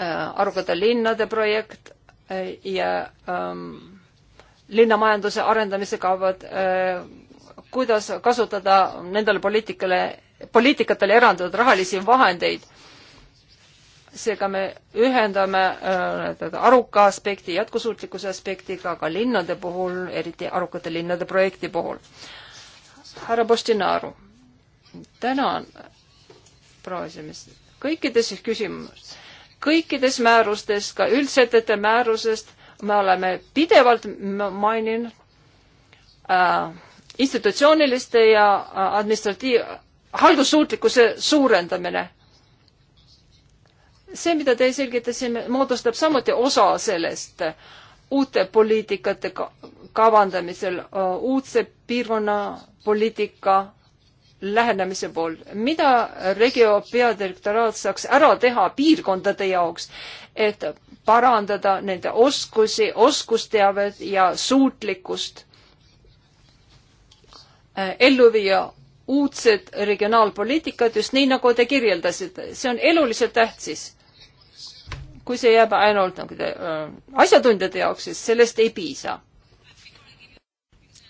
Äh, arukate linnade projekt äh, ja ähm, linnamajanduse arendamise kavad äh,, kuidas kasutada nendele poliitikale, poliitikatele erandatud rahalisi vahendeid. seega me ühendame äh, aruka aspekti jätkusuutlikkuse aspektiga ka linnade puhul, eriti arukate linnade projekti puhul. härra Postinaru, tänan, proua esimees, kõikides küsimustes kõikides määrustes, ka üldsetete määrusest me oleme pidevalt maininud äh, institutsiooniliste ja äh, administratiiv, haldussuutlikkuse suurendamine. see, mida te selgitasime, moodustab samuti osa sellest äh, uute poliitikate kavandamisel, äh, uudse piirkonna poliitika lähenemise pool, mida Regio peadirektoraat saaks ära teha piirkondade jaoks, et parandada nende oskusi, oskusteavet ja suutlikkust äh, ellu viia uudset regionaalpoliitikat, just nii, nagu te kirjeldasite, see on eluliselt tähtis. kui see jääb ainult nagu te, äh, asjatundjate jaoks, siis sellest ei piisa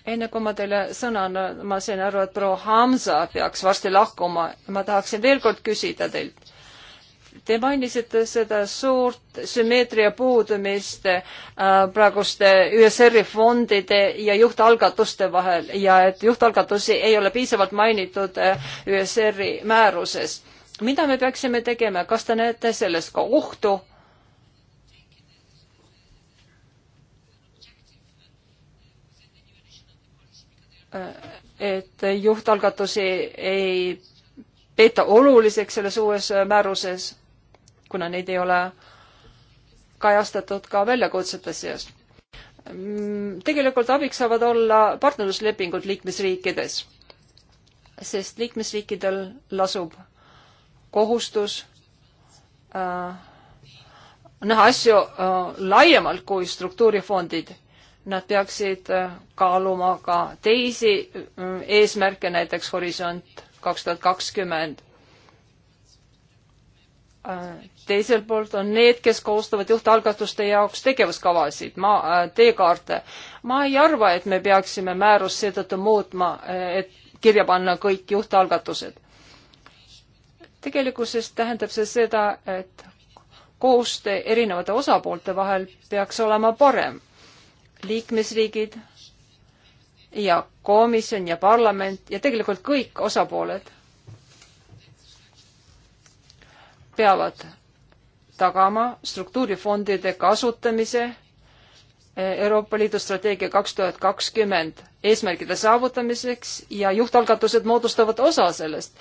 enne kui ma teile sõna annan, ma sain aru, et proua Hamza peaks varsti lahkuma. ma tahaksin veel kord küsida teilt. Te mainisite seda suurt sümmeetria puudumist äh, praeguste ÜSR-i fondide ja juhtalgatuste vahel ja et juhtalgatusi ei ole piisavalt mainitud äh, ÜSR-i määruses. mida me peaksime tegema, kas te näete selles ka ohtu et juhtalgatusi ei peeta oluliseks selles uues määruses, kuna neid ei ole kajastatud ka väljakutsete seas. tegelikult abiks saavad olla partnerluslepingud liikmesriikides, sest liikmesriikidel lasub kohustus äh, näha asju äh, laiemalt kui struktuurifondid Nad peaksid äh, kaaluma ka teisi mm, eesmärke, näiteks Horisont kaks tuhat kakskümmend äh, teiselt poolt on need, kes koostavad juhtalgatuste jaoks tegevuskavasid, ma, äh, teekaarte. ma ei arva, et me peaksime määrust seetõttu muutma, et kirja panna kõik juhtalgatused. tegelikkuses tähendab see seda, et koostöö erinevate osapoolte vahel peaks olema parem liikmesriigid ja komisjon ja parlament ja tegelikult kõik osapooled peavad tagama struktuurifondide kasutamise Euroopa Liidu strateegia kaks tuhat kakskümmend eesmärgide saavutamiseks ja juhtalgatused moodustavad osa sellest.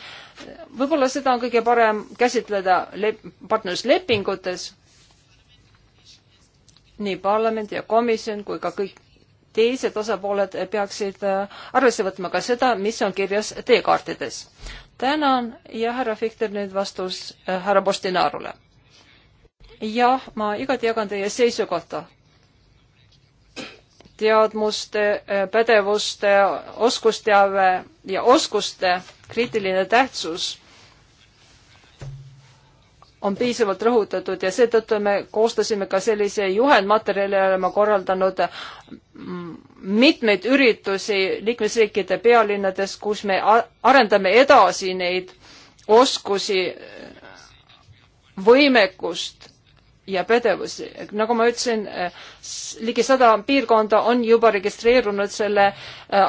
võib-olla seda on kõige parem käsitleda partnerluslepingutes nii parlament ja komisjon kui ka kõik teised osapooled peaksid äh, arvesse võtma ka seda, mis on kirjas teekaartides. tänan ja härra Fichter, nüüd vastus äh, härra Postinarule. jah, ma igati jagan teie seisukohta. teadmuste, äh, pädevuste, oskusteave ja oskuste kriitiline tähtsus on piisavalt rõhutatud ja seetõttu me koostasime ka sellise juhendmaterjali, oleme korraldanud mm, mitmeid üritusi liikmesriikide pealinnades, kus me arendame edasi neid oskusi, võimekust ja pädevusi. nagu ma ütlesin, eh, ligi sada piirkonda on juba registreerunud selle eh,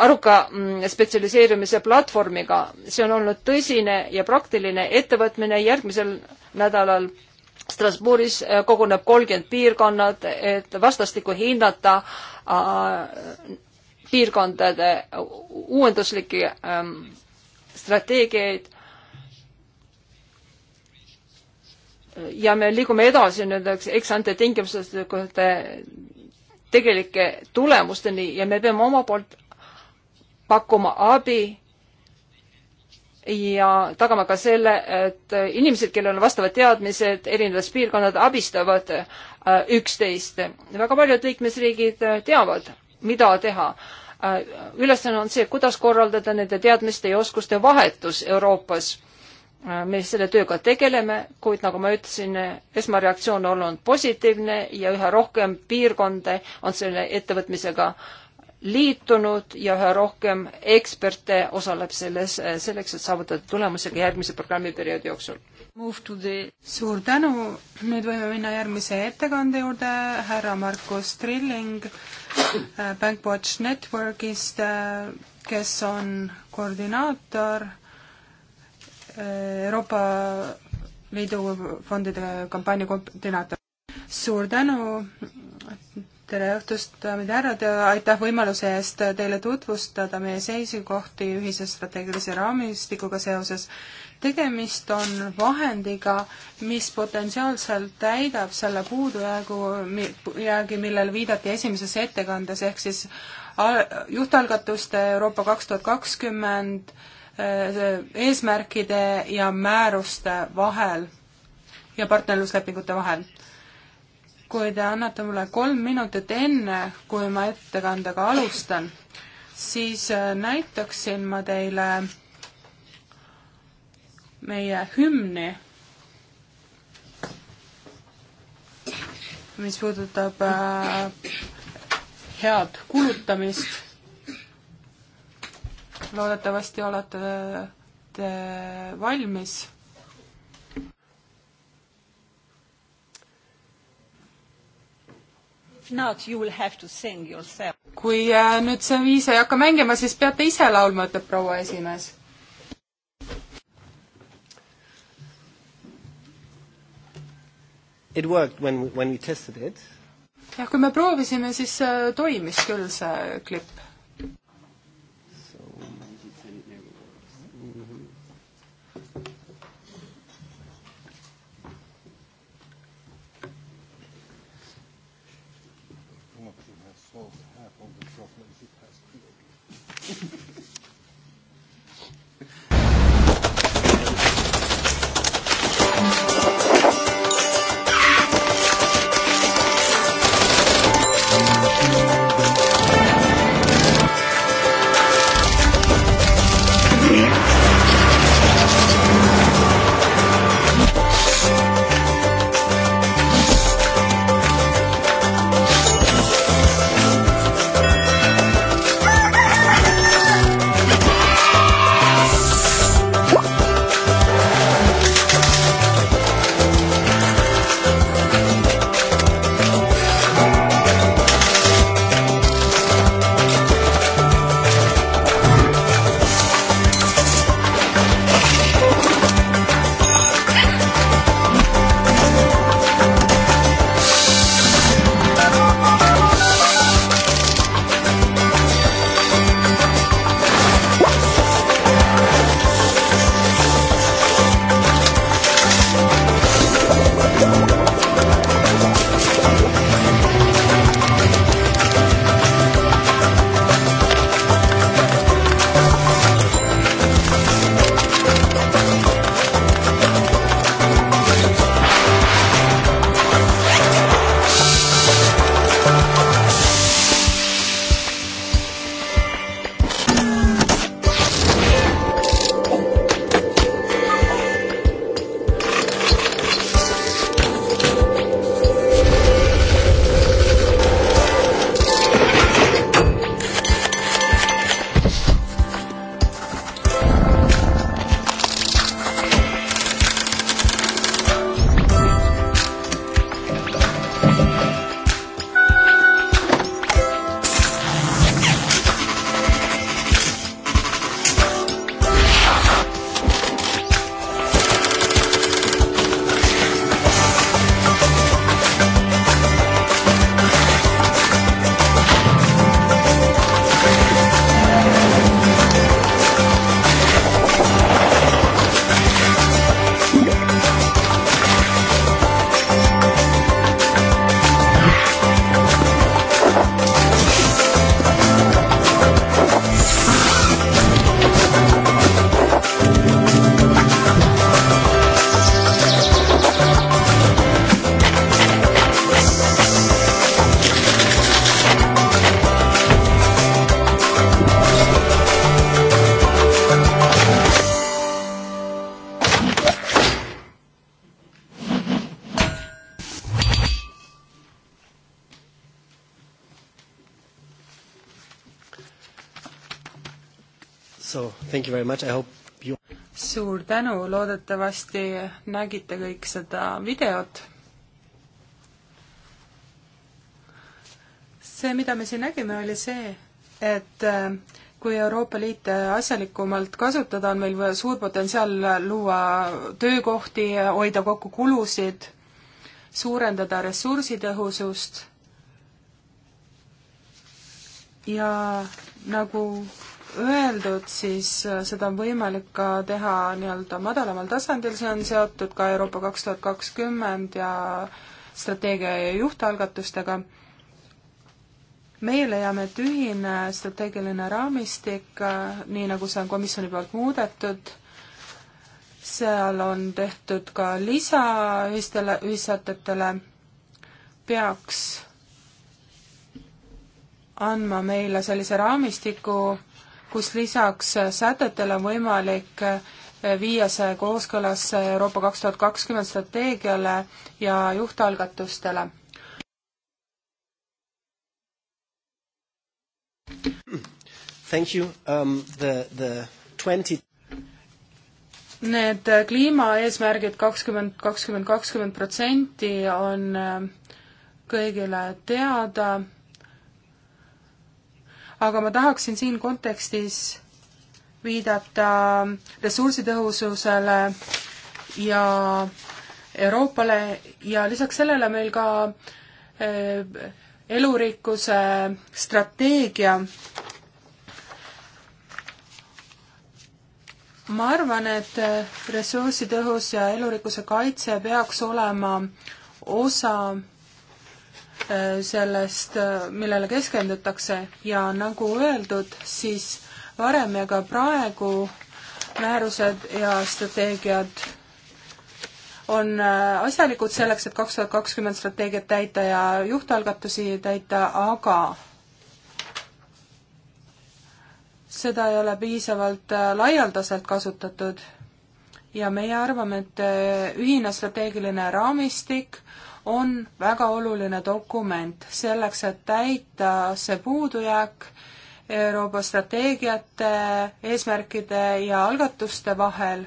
aruka mm, spetsialiseerumise platvormiga. see on olnud tõsine ja praktiline ettevõtmine järgmisel nädalal Strasbourgis eh, koguneb kolmkümmend piirkonnad, et vastastikku hinnata piirkondade uuenduslikke strateegiaid ja me liigume edasi nende eksante tingimuste tegelike tulemusteni ja me peame oma poolt pakkuma abi ja tagama ka selle, et inimesed, kellel on vastavad teadmised, erinevad piirkonnad abistavad äh, üksteist. väga paljud liikmesriigid äh, teavad, mida teha. Äh, ülesanne on see, kuidas korraldada nende teadmiste ja oskuste vahetus Euroopas Äh, me selle tööga tegeleme, kuid nagu ma ütlesin, esmareaktsioon on olnud positiivne ja üha rohkem piirkonde on selle ettevõtmisega liitunud ja üha rohkem eksperte osaleb selles, äh, selleks, et saavutada tulemusega järgmise programmiperioodi jooksul. The... suur tänu, nüüd võime minna järgmise ettekande juurde, härra Markus Trilling äh, Bankwatch Networkist, kes on koordinaator Euroopa Liidu fondide kampaania koordinaator. suur tänu, tere õhtust, daamid ja härrad, aitäh võimaluse eest teile tutvustada meie seisukohti ühise strateegilise raamistikuga seoses. tegemist on vahendiga, mis potentsiaalselt täidab selle puudujäägu, jäägi, millele viidati esimeses ettekandes, ehk siis juhtalgatuste Euroopa kaks tuhat kakskümmend Äh, eesmärkide ja määruste vahel ja partnerluslepingute vahel. kui te annate mulle kolm minutit enne, kui ma ettekandega alustan, siis äh, näitaksin ma teile meie hümni, mis puudutab äh, head kulutamist loodetavasti olete te valmis. kui äh, nüüd see viis ei hakka mängima, siis peate ise laulma, ütleb proua esimees it worked when, when we tested it. jah, kui me proovisime, siis äh, toimis küll see klipp Thank you very much, I hope you suur tänu, loodetavasti nägite kõik seda videot. see, mida me siin nägime, oli see, et äh, kui Euroopa Liite asjalikumalt kasutada, on meil suur potentsiaal luua töökohti, hoida kokku kulusid, suurendada ressursitõhusust ja nagu öeldud, siis äh, seda on võimalik ka teha nii-öelda madalamal tasandil, see on seotud ka Euroopa kaks tuhat kakskümmend ja strateegia ja juhtalgatustega. meie leiame, et ühine strateegiline raamistik, äh, nii nagu see on komisjoni poolt muudetud, seal on tehtud ka lisa ühistele, ühissätetele, peaks andma meile sellise raamistiku, kus lisaks sätetele on võimalik eh, viia see kooskõlas Euroopa kaks tuhat kakskümmend strateegiale ja juhtalgatustele. Thank you um,, the, the twenty 20... Need eh, kliimaeesmärgid kakskümmend, kakskümmend, kakskümmend protsenti on eh, kõigile teada aga ma tahaksin siin kontekstis viidata ressursitõhususele ja Euroopale ja lisaks sellele meil ka eh, elurikkuse strateegia. ma arvan, et eh, ressursitõhus ja elurikkuse kaitse peaks olema osa Äh, sellest, äh, millele keskendutakse ja nagu öeldud, siis varem ja ka praegu määrused ja strateegiad on äh, asjalikud selleks, et kaks tuhat kakskümmend strateegiat täita ja juhtalgatusi täita, aga seda ei ole piisavalt laialdaselt kasutatud ja meie arvame, et ühine strateegiline raamistik on väga oluline dokument selleks, et täita see puudujääk Euroopa strateegiate, eesmärkide ja algatuste vahel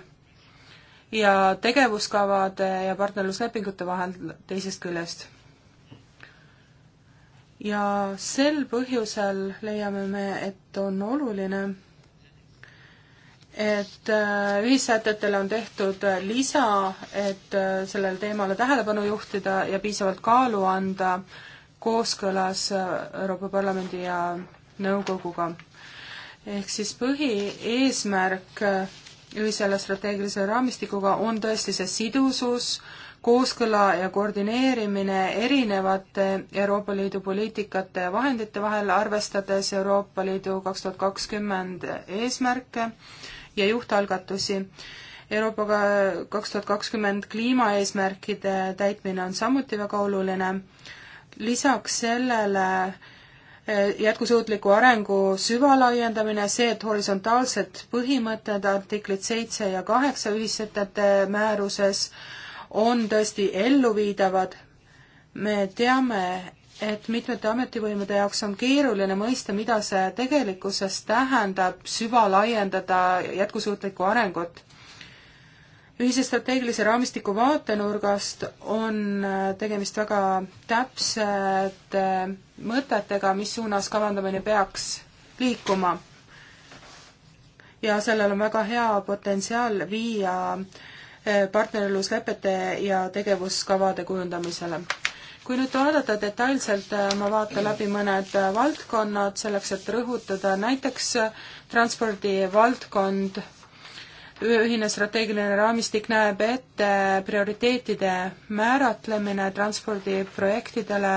ja tegevuskavade ja partnerluslepingute vahel teisest küljest. ja sel põhjusel leiame me, et on oluline et äh, ühissätetele on tehtud äh, lisa, et äh, sellele teemale tähelepanu juhtida ja piisavalt kaalu anda kooskõlas Euroopa Parlamendi ja nõukoguga. ehk siis põhieesmärk ühisele strateegilise raamistikuga on tõesti see sidusus, kooskõla ja koordineerimine erinevate Euroopa Liidu poliitikate ja vahendite vahel, arvestades Euroopa Liidu kaks tuhat kakskümmend eesmärke ja juhtalgatusi. Euroopa kaks tuhat kakskümmend kliimaeesmärkide täitmine on samuti väga oluline. lisaks sellele e, jätkusuutliku arengu süvalaiendamine, see, et horisontaalsed põhimõtted artiklid seitse ja kaheksa ühissätete määruses on tõesti elluviidavad, me teame, et mitmete ametivõimude jaoks on keeruline mõista, mida see tegelikkuses tähendab süvalaiendada jätkusuutlikku arengut. ühise strateegilise raamistiku vaatenurgast on äh, tegemist väga täpsete mõtetega, mis suunas kavandamine peaks liikuma. ja sellel on väga hea potentsiaal viia äh, partnerluslepete ja tegevuskavade kujundamisele kui nüüd vaadata detailselt, äh, ma vaatan läbi mõned äh, valdkonnad selleks, et rõhutada näiteks äh, transpordivaldkond, ühine strateegiline raamistik näeb ette prioriteetide määratlemine transpordiprojektidele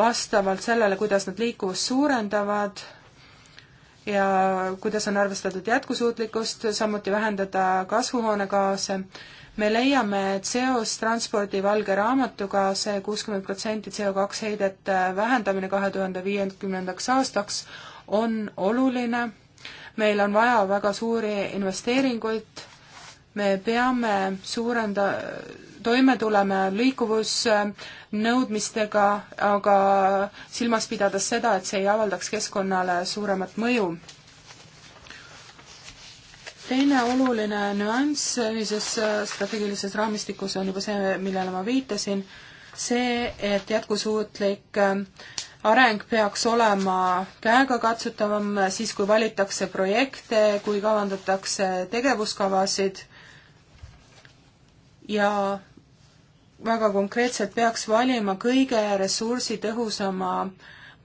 vastavalt sellele, kuidas nad liikuvust suurendavad ja kuidas on arvestatud jätkusuutlikkust, samuti vähendada kasvuhoonegaase me leiame, et seos transpordi valge raamatuga see, see kuuskümmend protsenti CO2 heidete äh, vähendamine kahe tuhande viiekümnendaks aastaks on oluline, meil on vaja väga suuri investeeringuid, me peame suurenda-, toime tulema liikuvusnõudmistega, aga silmas pidades seda, et see ei avaldaks keskkonnale suuremat mõju teine oluline nüanss ühises äh, strateegilises raamistikus on juba see, millele ma viitasin, see, et jätkusuutlik äh, areng peaks olema käegakatsutavam siis, kui valitakse projekte, kui kavandatakse tegevuskavasid ja väga konkreetselt peaks valima kõige ressursitõhusama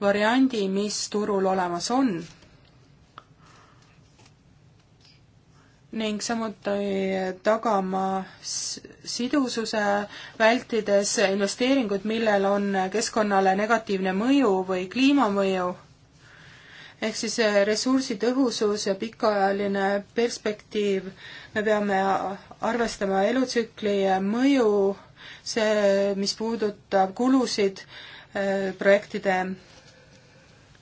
variandi, mis turul olemas on ning samuti tagama sidususe, vältides investeeringud, millel on keskkonnale negatiivne mõju või kliimamõju. ehk siis eh, ressursitõhusus ja pikaajaline perspektiiv, me peame arvestama elutsükli mõju, see, mis puudutab kulusid eh, projektide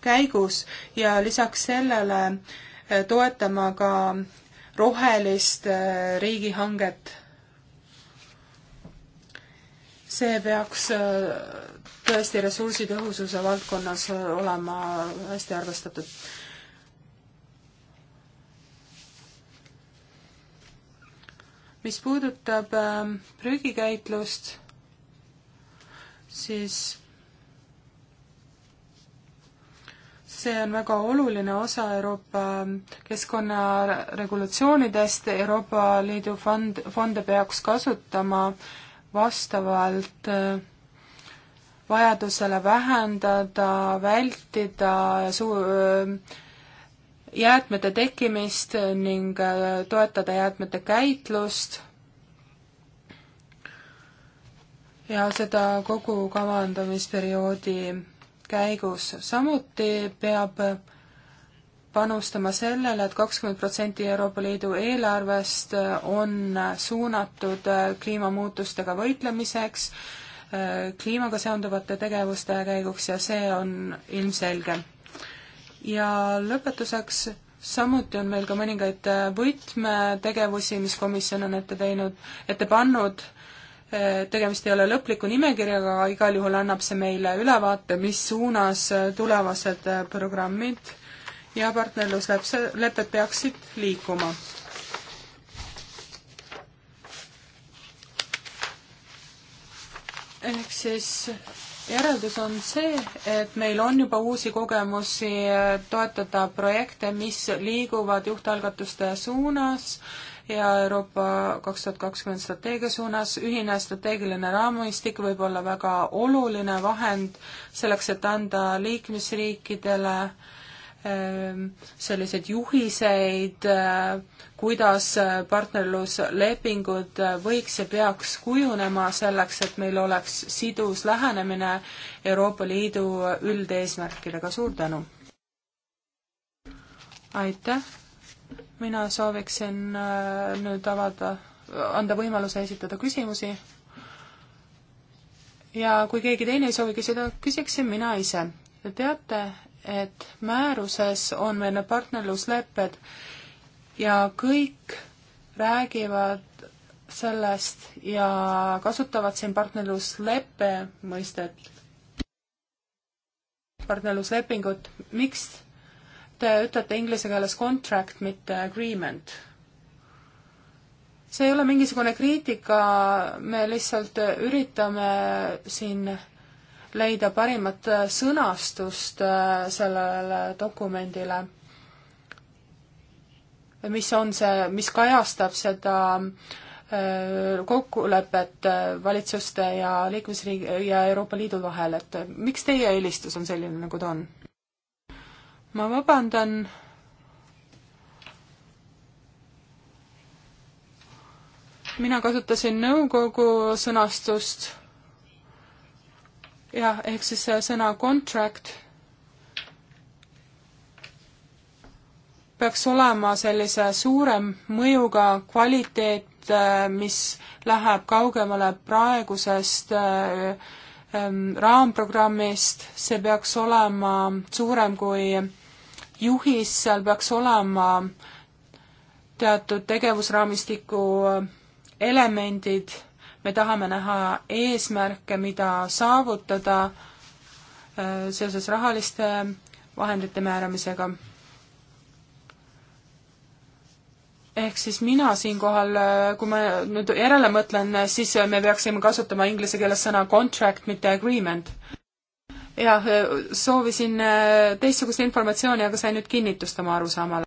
käigus ja lisaks sellele eh, toetama ka rohelist äh, riigihanget. see peaks äh, tõesti ressursitõhususe valdkonnas äh, olema hästi arvestatud. mis puudutab prügikäitlust, siis see on väga oluline osa Euroopa keskkonnaregulatsioonidest, Euroopa Liidu fond, fonde peaks kasutama vastavalt äh, vajadusele vähendada, vältida suu-, äh, jäätmete tekkimist ning äh, toetada jäätmete käitlust ja seda kogu kavandamisperioodi käigus. samuti peab panustama sellele et, et kakskümmend protsenti Euroopa Liidu eelarvest on suunatud kliimamuutustega võitlemiseks, kliimaga seonduvate tegevuste käiguks ja see on ilmselge. ja lõpetuseks, samuti on meil ka mõningaid võtmetegevusi, mis komisjon on ette teinud, ette pannud, tegemist ei ole lõpliku nimekirjaga, aga igal juhul annab see meile ülevaate, mis suunas tulevased programmid ja partnerluslepped peaksid liikuma. ehk siis järeldus on see, et meil on juba uusi kogemusi toetada projekte, mis liiguvad juhtalgatuste suunas ja Euroopa kaks tuhat kakskümmend strateegia suunas. ühine strateegiline raamistik võib olla väga oluline vahend selleks, et anda liikmesriikidele ehm, selliseid juhiseid, eh, kuidas eh, partnerluslepingud eh, võiks ja peaks kujunema selleks, et meil oleks sidus lähenemine Euroopa Liidu üldeesmärkidega. suur tänu! aitäh! mina sooviksin äh, nüüd avada, anda võimaluse esitada küsimusi. ja kui keegi teine ei soovi küsida, küsiksin mina ise. Te teate, et määruses on meil need partnerluslepped ja kõik räägivad sellest ja kasutavad siin partnerlusleppe mõistet, partnerluslepingut. miks te ütlete inglise keeles contract, mitte agreement. see ei ole mingisugune kriitika, me lihtsalt üritame siin leida parimat sõnastust äh, sellele dokumendile, mis on see, mis kajastab seda äh, kokkulepet äh, valitsuste ja liikmesriigi ja Euroopa Liidu vahel, et miks teie eelistus on selline, nagu ta on? ma vabandan. mina kasutasin nõukogu sõnastust. jah, ehk siis äh, sõna contract peaks olema sellise suurem mõjuga kvaliteet, äh, mis läheb kaugemale praegusest äh, ähm, raamprogrammist, see peaks olema suurem kui juhis seal peaks olema teatud tegevusraamistiku elemendid, me tahame näha eesmärke, mida saavutada äh, seoses rahaliste vahendite määramisega. ehk siis mina siinkohal, äh, kui ma nüüd järele mõtlen, äh, siis me peaksime kasutama inglise keeles sõna contract, mitte agreement jah, soovisin äh, teistsugust informatsiooni, aga sain nüüd kinnitust oma arusaamale.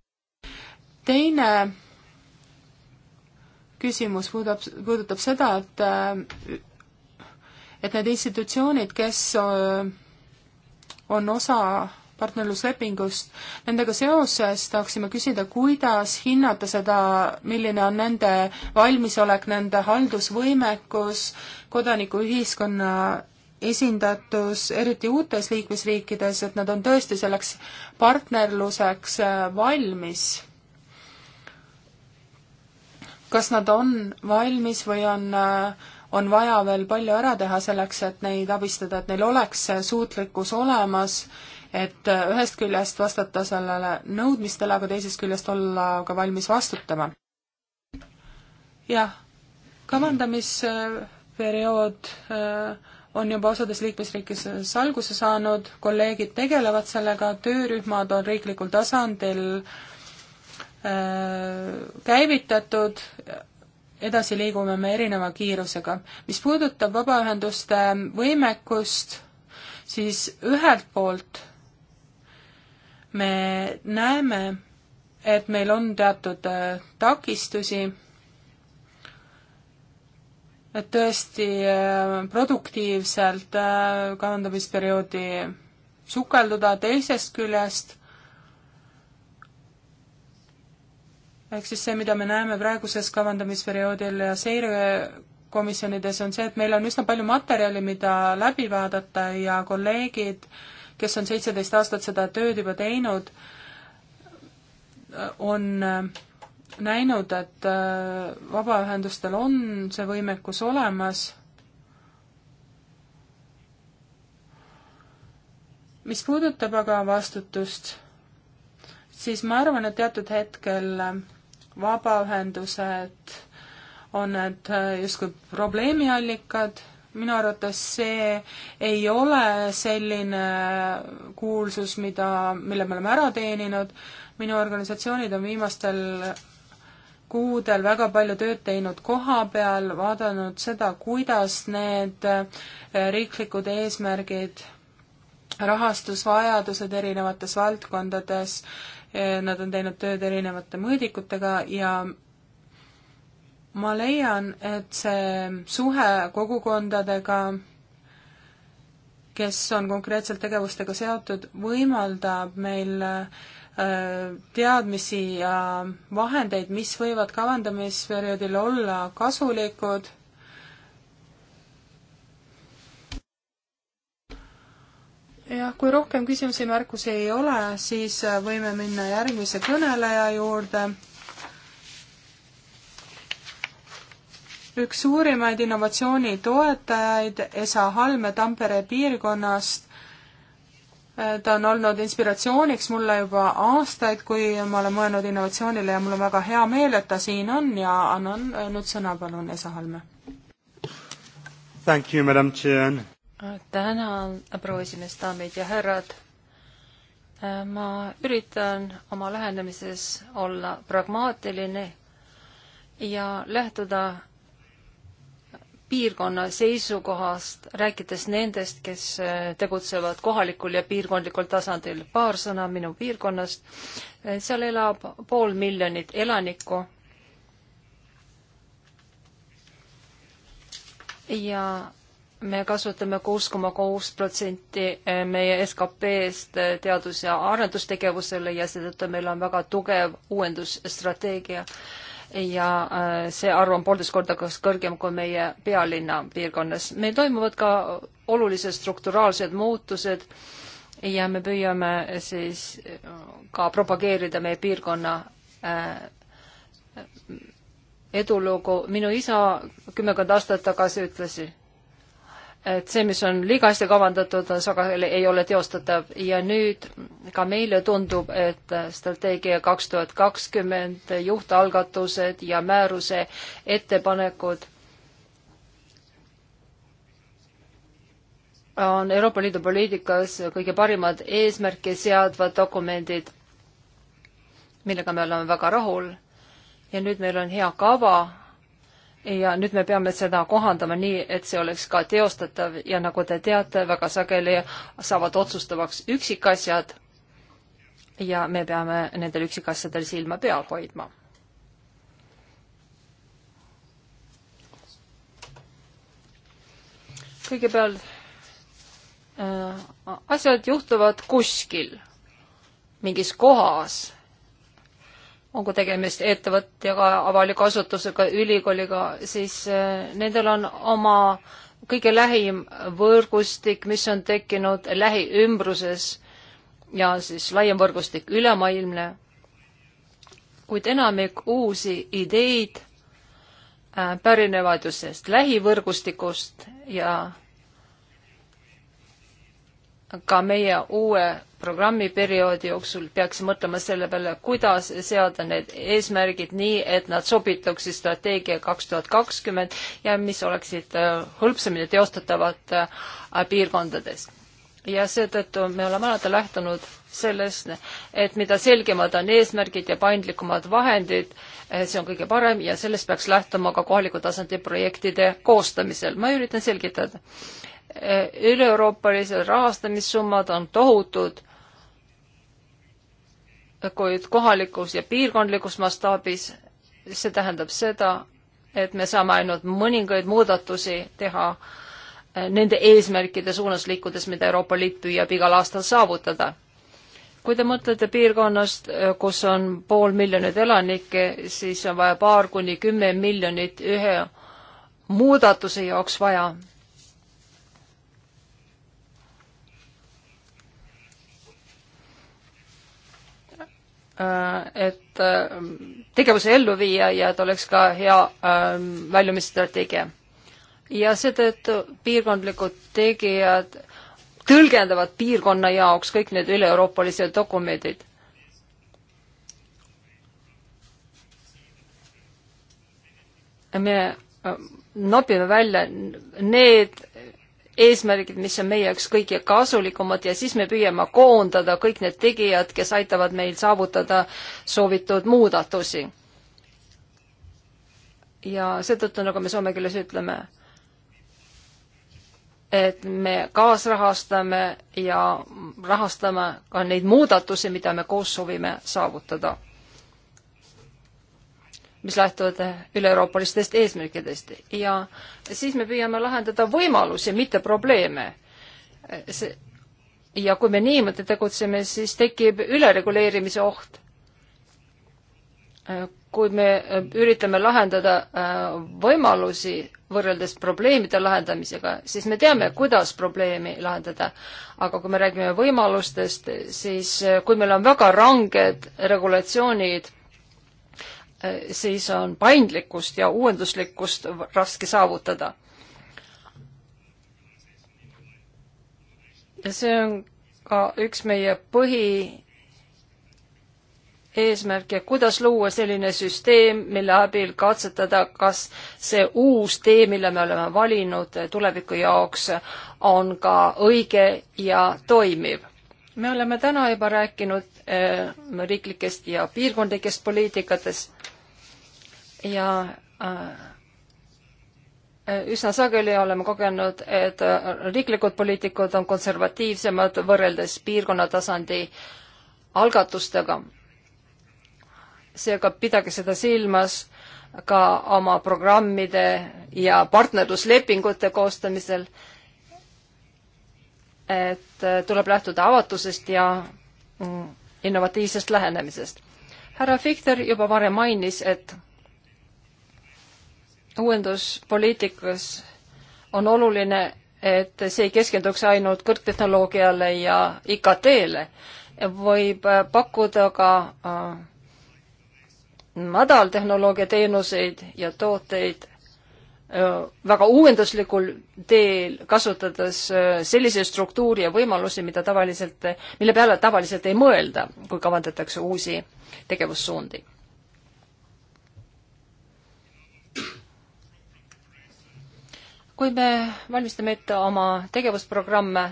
teine küsimus puudab, puudutab seda, et äh, et need institutsioonid, kes äh, on osa partnerluslepingust, nendega seoses tahaksime küsida, kuidas hinnata seda, milline on nende valmisolek, nende haldusvõimekus, kodanikuühiskonna esindatus, eriti uutes liikmesriikides, et nad on tõesti selleks partnerluseks äh, valmis kas nad on valmis või on, äh, on vaja veel palju ära teha selleks, et neid abistada, et neil oleks see suutlikkus olemas, et äh, ühest küljest vastata sellele nõudmistele, aga teisest küljest olla ka valmis vastutama. jah, kavandamisperiood äh, on juba osades liikmesriikides alguse saanud, kolleegid tegelevad sellega, töörühmad on riiklikul tasandil äh, käivitatud, edasi liigume me erineva kiirusega. mis puudutab vabaühenduste võimekust, siis ühelt poolt me näeme, et meil on teatud takistusi tõesti äh, produktiivselt äh, kaevandamisperioodi sukelduda, teisest küljest ehk siis see, mida me näeme praeguses kavandamisperioodil ja seirekomisjonides, on see, et meil on üsna palju materjali, mida läbi vaadata ja kolleegid, kes on seitseteist aastat seda tööd juba teinud, on äh, näinud, et äh, vabaühendustel on see võimekus olemas. mis puudutab aga vastutust, siis ma arvan, et teatud hetkel vabaühendused on need äh, justkui probleemiallikad, minu arvates see ei ole selline kuulsus, mida, mille me oleme ära teeninud, minu organisatsioonid on viimastel kuudel väga palju tööd teinud koha peal, vaadanud seda, kuidas need äh, riiklikud eesmärgid, rahastusvajadused erinevates valdkondades, äh, nad on teinud tööd erinevate mõõdikutega ja ma leian, et see suhe kogukondadega, kes on konkreetselt tegevustega seotud, võimaldab meil äh, teadmisi ja vahendeid, mis võivad kavandamisperioodil olla kasulikud jah, kui rohkem küsimusi, märkusi ei ole, siis võime minna järgmise kõneleja juurde. üks suurimaid innovatsiooni toetajaid, Esa Halme Tampere piirkonnast, ta on olnud inspiratsiooniks mulle juba aastaid, kui ma olen mõelnud innovatsioonile ja mul on väga hea meel, et ta siin on ja annan nüüd sõna palun Esa Halme. tänan, proua esimees, daamid ja härrad. ma üritan oma lähenemises olla pragmaatiline ja lähtuda piirkonna seisukohast, rääkides nendest, kes äh, tegutsevad kohalikul ja piirkondlikul tasandil. paar sõna minu piirkonnast. Äh, seal elab pool miljonit elanikku. ja me kasutame kuus koma kuus protsenti äh, meie SKP-st teadus- ja arendustegevusele ja seetõttu meil on väga tugev uuendusstrateegia ja äh, see arv on poolteist korda kas kõrgem kui meie pealinna piirkonnas. meil toimuvad ka olulised strukturaalsed muutused ja me püüame siis äh, ka propageerida meie piirkonna äh, edulugu. minu isa kümmekond aastat tagasi ütles, et see, mis on liiga hästi kavandatud, on sageli, ei ole teostatav ja nüüd ka meile tundub, et strateegia kaks tuhat kakskümmend juhtalgatused ja määruse ettepanekud on Euroopa Liidu poliitikas kõige parimad eesmärki seadvad dokumendid, millega me oleme väga rahul. ja nüüd meil on hea kava ja nüüd me peame seda kohandama nii, et see oleks ka teostatav ja nagu te teate, väga sageli saavad otsustavaks üksikasjad ja me peame nendel üksikasjadel silma peal hoidma. kõigepealt äh, asjad juhtuvad kuskil, mingis kohas olgu tegemist ettevõtjaga, avaliku asutusega, ülikooliga, siis äh, nendel on oma kõige lähim võrgustik, mis on tekkinud lähiümbruses ja siis laiem võrgustik ülemaailmne. kuid enamik uusi ideid äh, pärinevad just sellest lähivõrgustikust ja ka meie uue programmiperioodi jooksul peaks mõtlema selle peale, kuidas seada need eesmärgid nii, et nad sobituksid strateegia kaks tuhat kakskümmend ja mis oleksid äh, hõlpsamini teostatavad äh, piirkondades. ja seetõttu me oleme alati lähtunud sellest, et mida selgemad on eesmärgid ja paindlikumad vahendid, äh, see on kõige parem ja sellest peaks lähtuma ka kohaliku tasandi projektide koostamisel. ma üritan selgitada üleeuroopalised rahastamissummad on tohutud, kuid kohalikus ja piirkondlikus mastaabis see tähendab seda, et me saame ainult mõningaid muudatusi teha eh, nende eesmärkide suunas liikudes, mida Euroopa Liit püüab igal aastal saavutada. kui te mõtlete piirkonnast, eh, kus on pool miljonit elanikke, siis on vaja paar kuni kümme miljonit ühe muudatuse jaoks vaja Äh, et äh, tegevuse ellu viia ja et oleks ka hea ähm, väljumisstrateegia. ja seetõttu piirkondlikud tegijad tõlgendavad piirkonna jaoks kõik need üle-euroopalised dokumendid. me äh, nopime välja need eesmärgid, mis on meie jaoks kõige kasulikumad ja siis me püüame koondada kõik need tegijad, kes aitavad meil saavutada soovitud muudatusi. ja seetõttu, nagu me soome keeles ütleme, et me kaasrahastame ja rahastame ka neid muudatusi, mida me koos soovime saavutada mis lähtuvad üle-euroopalistest eesmärkidest ja siis me püüame lahendada võimalusi, mitte probleeme. see, ja kui me niimoodi tegutseme, siis tekib ülereguleerimise oht. kui me üritame lahendada äh, võimalusi võrreldes probleemide lahendamisega, siis me teame, kuidas probleemi lahendada. aga kui me räägime võimalustest, siis äh, kui meil on väga ranged regulatsioonid, Eh, siis on paindlikkust ja uuenduslikkust raske saavutada. ja see on ka üks meie põhi eesmärk ja kuidas luua selline süsteem, mille abil katsetada, kas see uus tee, mille me oleme valinud tuleviku jaoks, on ka õige ja toimiv me oleme täna juba rääkinud äh, riiklikest ja piirkondlikest poliitikates ja äh, äh, üsna sageli oleme kogenud, et riiklikud poliitikud on konservatiivsemad võrreldes piirkonna tasandi algatustega. seega pidage seda silmas ka oma programmide ja partnerluslepingute koostamisel et äh, tuleb lähtuda avatusest ja mm, innovatiivsest lähenemisest. härra Fichter juba varem mainis, et uuenduspoliitikas on oluline, et see ei keskenduks ainult kõrgtehnoloogiale ja IKT-le, võib äh, pakkuda ka äh, madaltehnoloogia teenuseid ja tooteid väga uuenduslikul teel, kasutades selliseid struktuuri ja võimalusi, mida tavaliselt, mille peale tavaliselt ei mõelda, kui kavandatakse uusi tegevussuundi. kui me valmistame ette oma tegevusprogramme,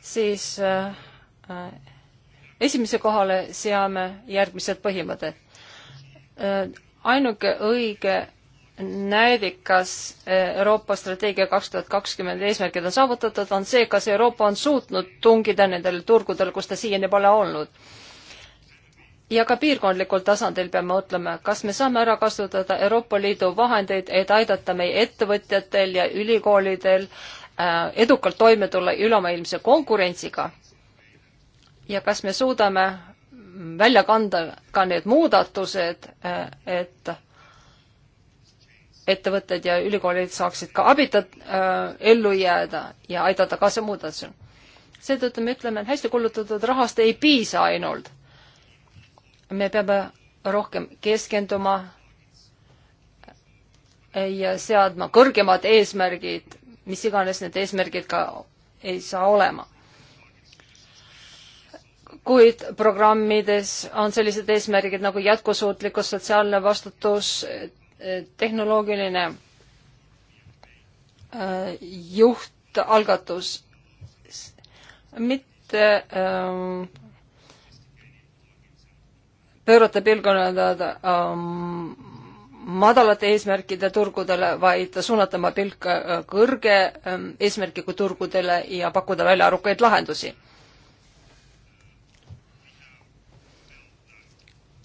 siis esimese kohale seame järgmised põhimõtted ainuke õige näide, kas eh, Euroopa strateegia kaks tuhat kakskümmend eesmärgid on saavutatud, on see, kas Euroopa on suutnud tungida nendel turgudel, kus ta siiani pole olnud. ja ka piirkondlikul tasandil peame mõtlema, kas me saame ära kasutada Euroopa Liidu vahendeid, et aidata meie ettevõtjatel ja ülikoolidel äh, edukalt toime tulla ülemaailmse konkurentsiga. ja kas me suudame välja kanda ka need muudatused, et ettevõtted ja ülikoolid saaksid ka abitat äh, ellu jääda ja aidata kaasa muudatusele. seetõttu me ütleme, et hästi kulutatud rahast ei piisa ainult. me peame rohkem keskenduma ja seadma kõrgemad eesmärgid, mis iganes need eesmärgid ka ei saa olema kuid programmides on sellised eesmärgid nagu jätkusuutlikkus, sotsiaalne vastutus, tehnoloogiline äh, juhtalgatus, mitte ähm, pöörata pilgu nii-öelda ähm, madalate eesmärkide turgudele, vaid suunata oma pilk äh, kõrge ähm, eesmärgiga turgudele ja pakkuda välja arukaid lahendusi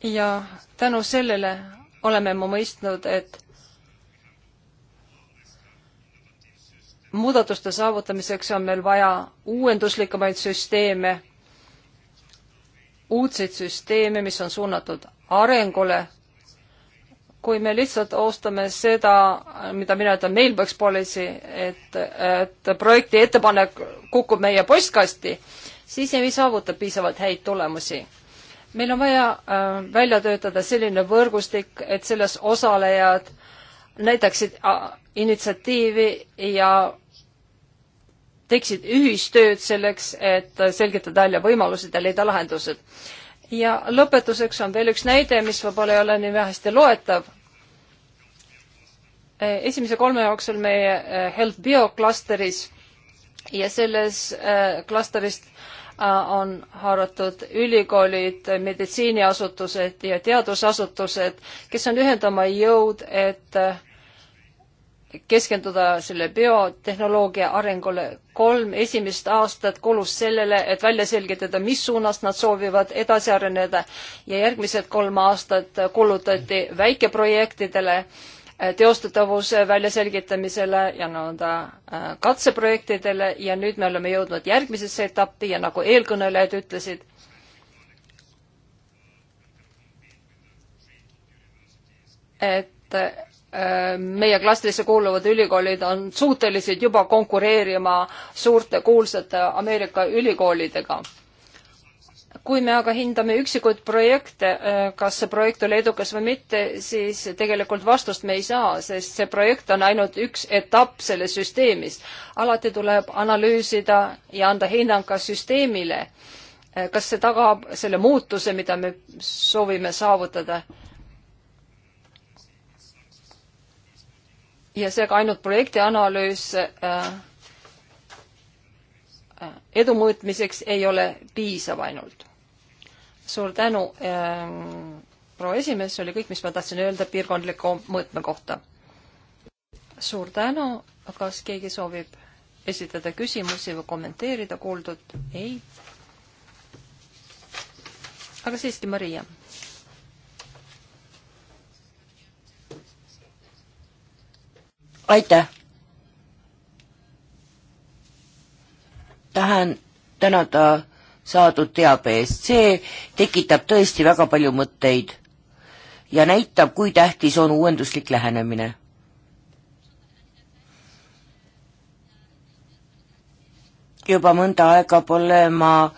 ja tänu sellele oleme me mõistnud, et muudatuste saavutamiseks on meil vaja uuenduslikumaid süsteeme, uudseid süsteeme, mis on suunatud arengule. kui me lihtsalt ostame seda, mida mina ütlen mailbox policy, et, et projekti ettepanek kukub meie postkasti, siis ei saavuta piisavalt häid tulemusi meil on vaja äh, välja töötada selline võrgustik, et selles osalejad näitaksid äh, initsiatiivi ja teeksid ühistööd selleks, et selgitada välja võimalused ja leida lahendused. ja lõpetuseks on veel üks näide, mis võib-olla ei ole nii hästi loetav. Äh, esimese kolme jooksul meie äh, Health Bio klastris ja selles klastris äh, Äh, on haaratud ülikoolid, meditsiiniasutused ja teadusasutused, kes on ühendama jõud, et äh, keskenduda selle biotehnoloogia arengule. kolm esimest aastat kulus sellele, et välja selgitada, mis suunas nad soovivad edasi areneda ja järgmised kolm aastat kulutati väikeprojektidele teostatavuse väljaselgitamisele ja nõnda äh, katseprojektidele ja nüüd me oleme jõudnud järgmisesse etappi ja nagu eelkõnelejad ütlesid, et äh, meie klastrisse kuuluvad ülikoolid on suutelised juba konkureerima suurte kuulsate Ameerika ülikoolidega kui me aga hindame üksikuid projekte, äh, kas see projekt oli edukas või mitte, siis tegelikult vastust me ei saa, sest see projekt on ainult üks etapp selles süsteemis. alati tuleb analüüsida ja anda hinnang ka süsteemile, äh, kas see tagab selle muutuse, mida me soovime saavutada. ja seega ainult projekti analüüs äh, äh, edu mõõtmiseks ei ole piisav ainult suur tänu ähm,, proua esimees, see oli kõik, mis ma tahtsin öelda piirkondliku mõõtme kohta. suur tänu, kas keegi soovib esitada küsimusi või kommenteerida kuuldut? ei. aga siiski, Maria. aitäh. tahan tänada ta saadud teabe eest, see tekitab tõesti väga palju mõtteid ja näitab, kui tähtis on uuenduslik lähenemine. juba mõnda aega pole ma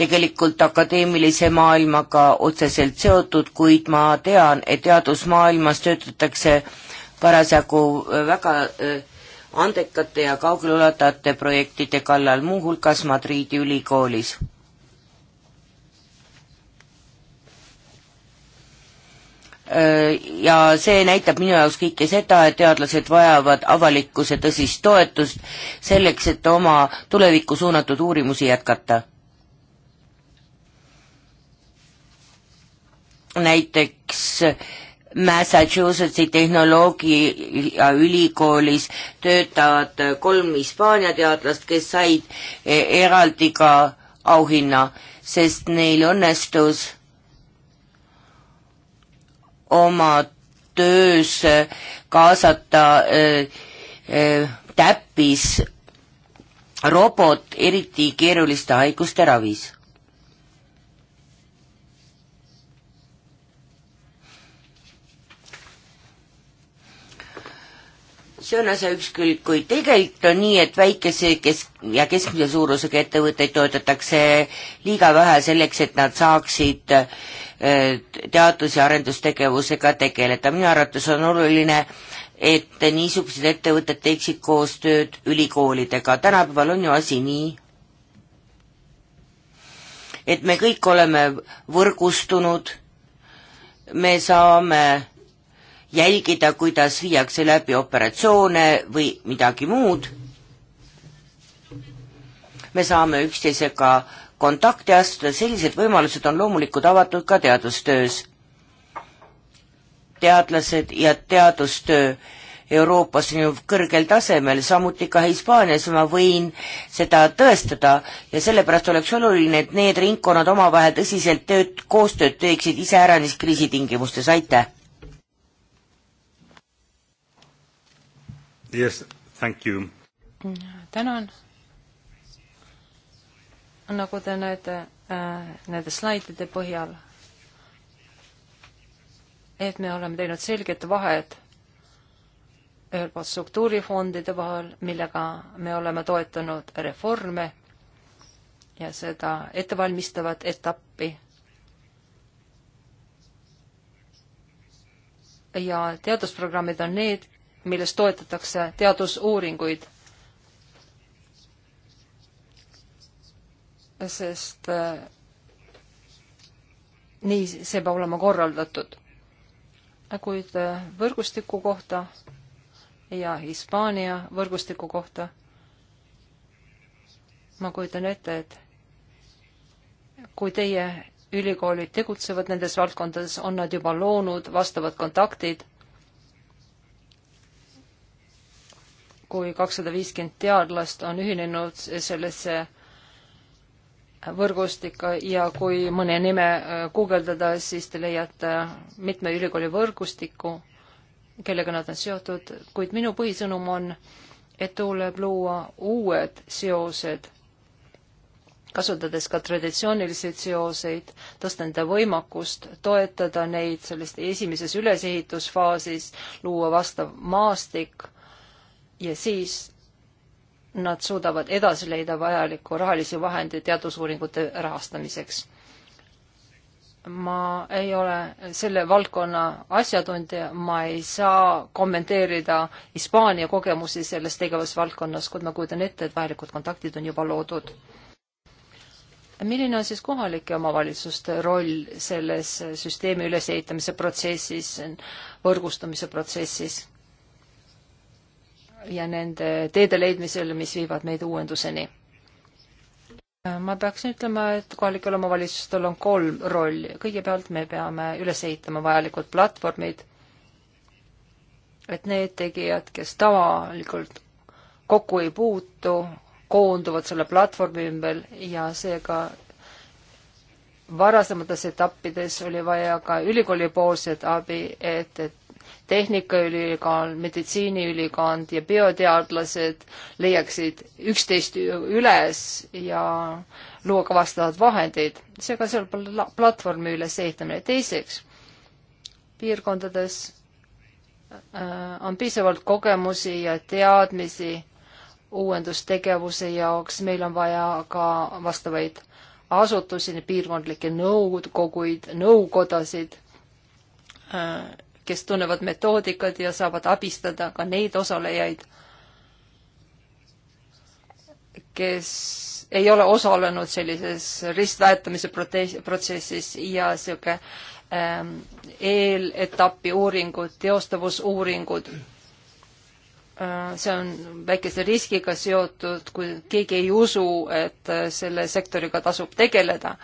tegelikult akadeemilise maailmaga otseselt seotud, kuid ma tean, et teadusmaailmas töötatakse parasjagu väga äh, andekate ja kaugeleulatajate projektide kallal, muuhulgas Madriidi ülikoolis. ja see näitab minu jaoks kõike seda, et teadlased vajavad avalikkuse tõsist toetust selleks, et oma tulevikku suunatud uurimusi jätkata. näiteks Massachusettsi tehnoloogiaülikoolis töötavad kolm Hispaania teadlast, kes said e, eraldi ka auhinna, sest neil õnnestus oma töös kaasata e, e, täppis robot eriti keeruliste haiguste ravis see on asja üks külg, kuid tegelikult on nii, et väikese kesk- ja keskmise suurusega ettevõtteid toetatakse liiga vähe selleks, et nad saaksid äh, teadus- ja arendustegevusega tegeleda. minu arvates on oluline, et niisugused ettevõtted teeksid koostööd ülikoolidega. tänapäeval on ju asi nii, et me kõik oleme võrgustunud, me saame jälgida, kuidas viiakse läbi operatsioone või midagi muud. me saame üksteisega kontakti astuda, sellised võimalused on loomulikult avatud ka teadustöös. teadlased ja teadustöö Euroopas on ju kõrgel tasemel, samuti ka Hispaanias ma võin seda tõestada ja sellepärast oleks oluline, et need ringkonnad omavahel tõsiselt tööd, koostööd teeksid iseäranis kriisitingimustes, aitäh! Yes, thank you. tänan. nagu te näete äh, nende slaidide põhjal, et me oleme teinud selged vahed ühelt poolt struktuurifondide vahel, millega me oleme toetanud reforme ja seda ettevalmistavat etappi ja teadusprogrammid on need, milles toetatakse teadusuuringuid. sest äh, nii see peab olema korraldatud. kuid äh, võrgustiku kohta ja Hispaania võrgustiku kohta ma kujutan ette, et kui teie ülikoolid tegutsevad nendes valdkondades, on nad juba loonud vastavad kontaktid kui kakssada viiskümmend teadlast on ühinenud sellesse võrgustikku ja kui mõne nime äh, guugeldada, siis te leiate mitme ülikooli võrgustiku, kellega nad on seotud, kuid minu põhisõnum on, et tuleb luua uued seosed, kasutades ka traditsiooniliseid seoseid, tõsta nende võimakust, toetada neid selles esimeses ülesehitusfaasis, luua vastav maastik ja siis nad suudavad edasi leida vajalikku rahalisi vahendeid teadusuuringute rahastamiseks. ma ei ole selle valdkonna asjatundja, ma ei saa kommenteerida Hispaania kogemusi selles tegevusvaldkonnas, kuid ma kujutan ette, et vajalikud kontaktid on juba loodud. milline on siis kohalike omavalitsuste roll selles süsteemi ülesehitamise protsessis, võrgustumise protsessis? ja nende teede leidmisel, mis viivad meid uuenduseni. ma peaksin ütlema, et kohalikel omavalitsustel on kolm rolli. kõigepealt me peame üles ehitama vajalikud platvormid, et need tegijad, kes tavalikult kokku ei puutu, koonduvad selle platvormi ümber ja seega varasemates etappides oli vaja ka ülikoolipoolset abi, et, et Tehnikaülikool, Meditsiiniülikond ja bioteadlased leiaksid üksteist üles ja luua ka vastavad vahendeid. seega seal platvormi ülesehitamine. teiseks, piirkondades äh, on piisavalt kogemusi ja teadmisi uuendustegevuse jaoks, meil on vaja ka vastavaid asutusi, piirkondlikke nõukoguid, nõukodasid äh, kes tunnevad metoodikat ja saavad abistada ka neid osalejaid, kes ei ole osalenud sellises ristväetamise protsessis ja niisugune ähm, eeletapi uuringud, teostavusuuringud äh, see on väikese riskiga seotud, kui keegi ei usu, et selle sektoriga tasub tegeleda.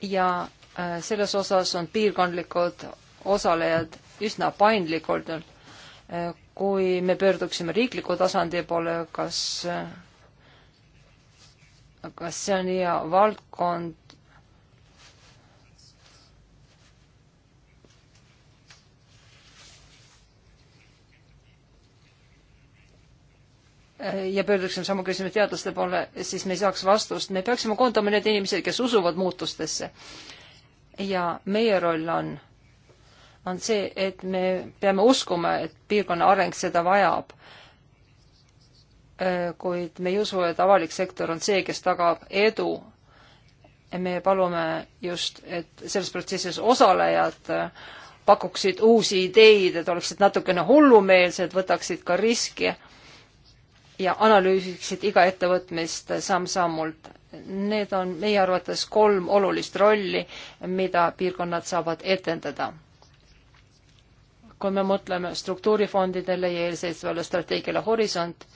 ja Äh, selles osas on piirkondlikud osalejad üsna paindlikud. Äh, kui me pöörduksime riikliku tasandi poole, kas, äh, kas see on hea valdkond? ja pöörduksime sama küsimuse teadlaste poole, siis me ei saaks vastust. me peaksime koondama need inimesed, kes usuvad muutustesse ja meie roll on, on see, et me peame uskuma, et piirkonna areng seda vajab. kuid me ei usu, et avalik sektor on see, kes tagab edu. me palume just, et selles protsessis osalejad pakuksid uusi ideid, et oleksid natukene hullumeelsed, võtaksid ka riski ja analüüsiksid iga ettevõtmist samm-sammult Need on meie arvates kolm olulist rolli, mida piirkonnad saavad etendada. kui me mõtleme struktuurifondidele ja eelseisvale strateegiale Horisont,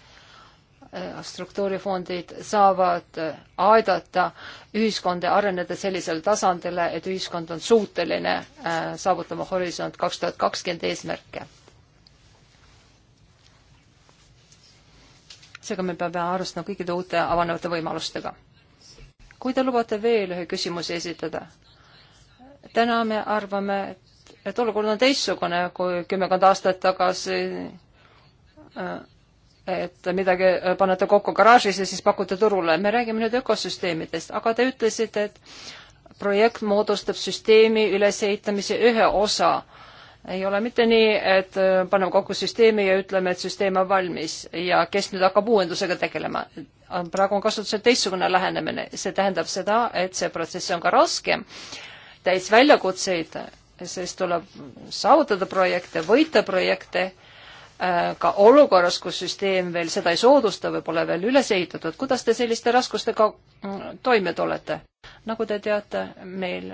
eh, struktuurifondid saavad aidata ühiskonda areneda sellisel tasandile, et ühiskond on suuteline eh, saavutama Horisont kaks tuhat kakskümmend eesmärke. seega me peame arvestama kõikide uute avanevate võimalustega kui te lubate veel ühe küsimuse esitada. täna me arvame, et, et olukord on teistsugune kui kümmekond aastat tagasi. Äh, et midagi äh, panete kokku garaažis ja siis pakute turule. me räägime nüüd ökosüsteemidest, aga te ütlesite, et projekt moodustab süsteemi ülesehitamise ühe osa ei ole mitte nii, et äh, paneme kokku süsteemi ja ütleme, et süsteem on valmis ja kes nüüd hakkab uuendusega tegelema on, praegu on kasutusel teistsugune lähenemine, see tähendab seda, et see protsess on ka raskem, täis väljakutseid, sest tuleb saavutada projekte, võita projekte, äh, ka olukorras, kus süsteem veel seda ei soodusta või pole veel üles ehitatud, kuidas te selliste raskustega mm, toime tulete? nagu te teate, meil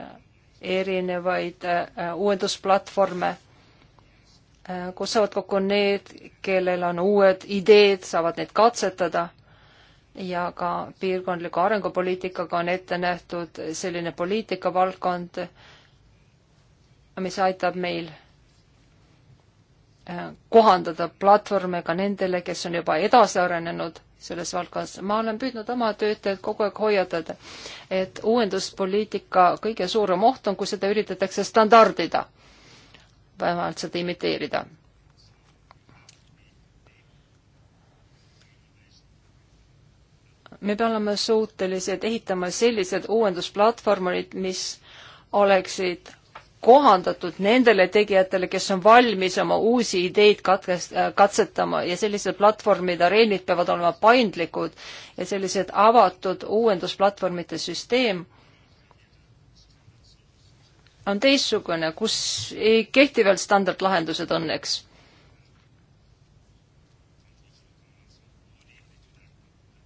erinevaid äh, uuendusplatvorme äh, kus saavad kokku need, kellel on uued ideed, saavad neid katsetada ja ka piirkondliku arengupoliitikaga on ette nähtud selline poliitikavaldkond, mis aitab meil äh, kohandada platvorme ka nendele, kes on juba edasi arenenud selles valdkonnas. ma olen püüdnud oma töötajad kogu aeg hoiatada, et uuenduspoliitika kõige suurem oht on, kui seda üritatakse standardida, vähemalt seda imiteerida me peame olema suutelised ehitama sellised uuendusplatvormid, mis oleksid kohandatud nendele tegijatele, kes on valmis oma uusi ideid katkest-, äh, katsetama ja sellised platvormid, areenid peavad olema paindlikud ja sellised avatud uuendusplatvormide süsteem on teistsugune, kus ei kehti veel standardlahendused õnneks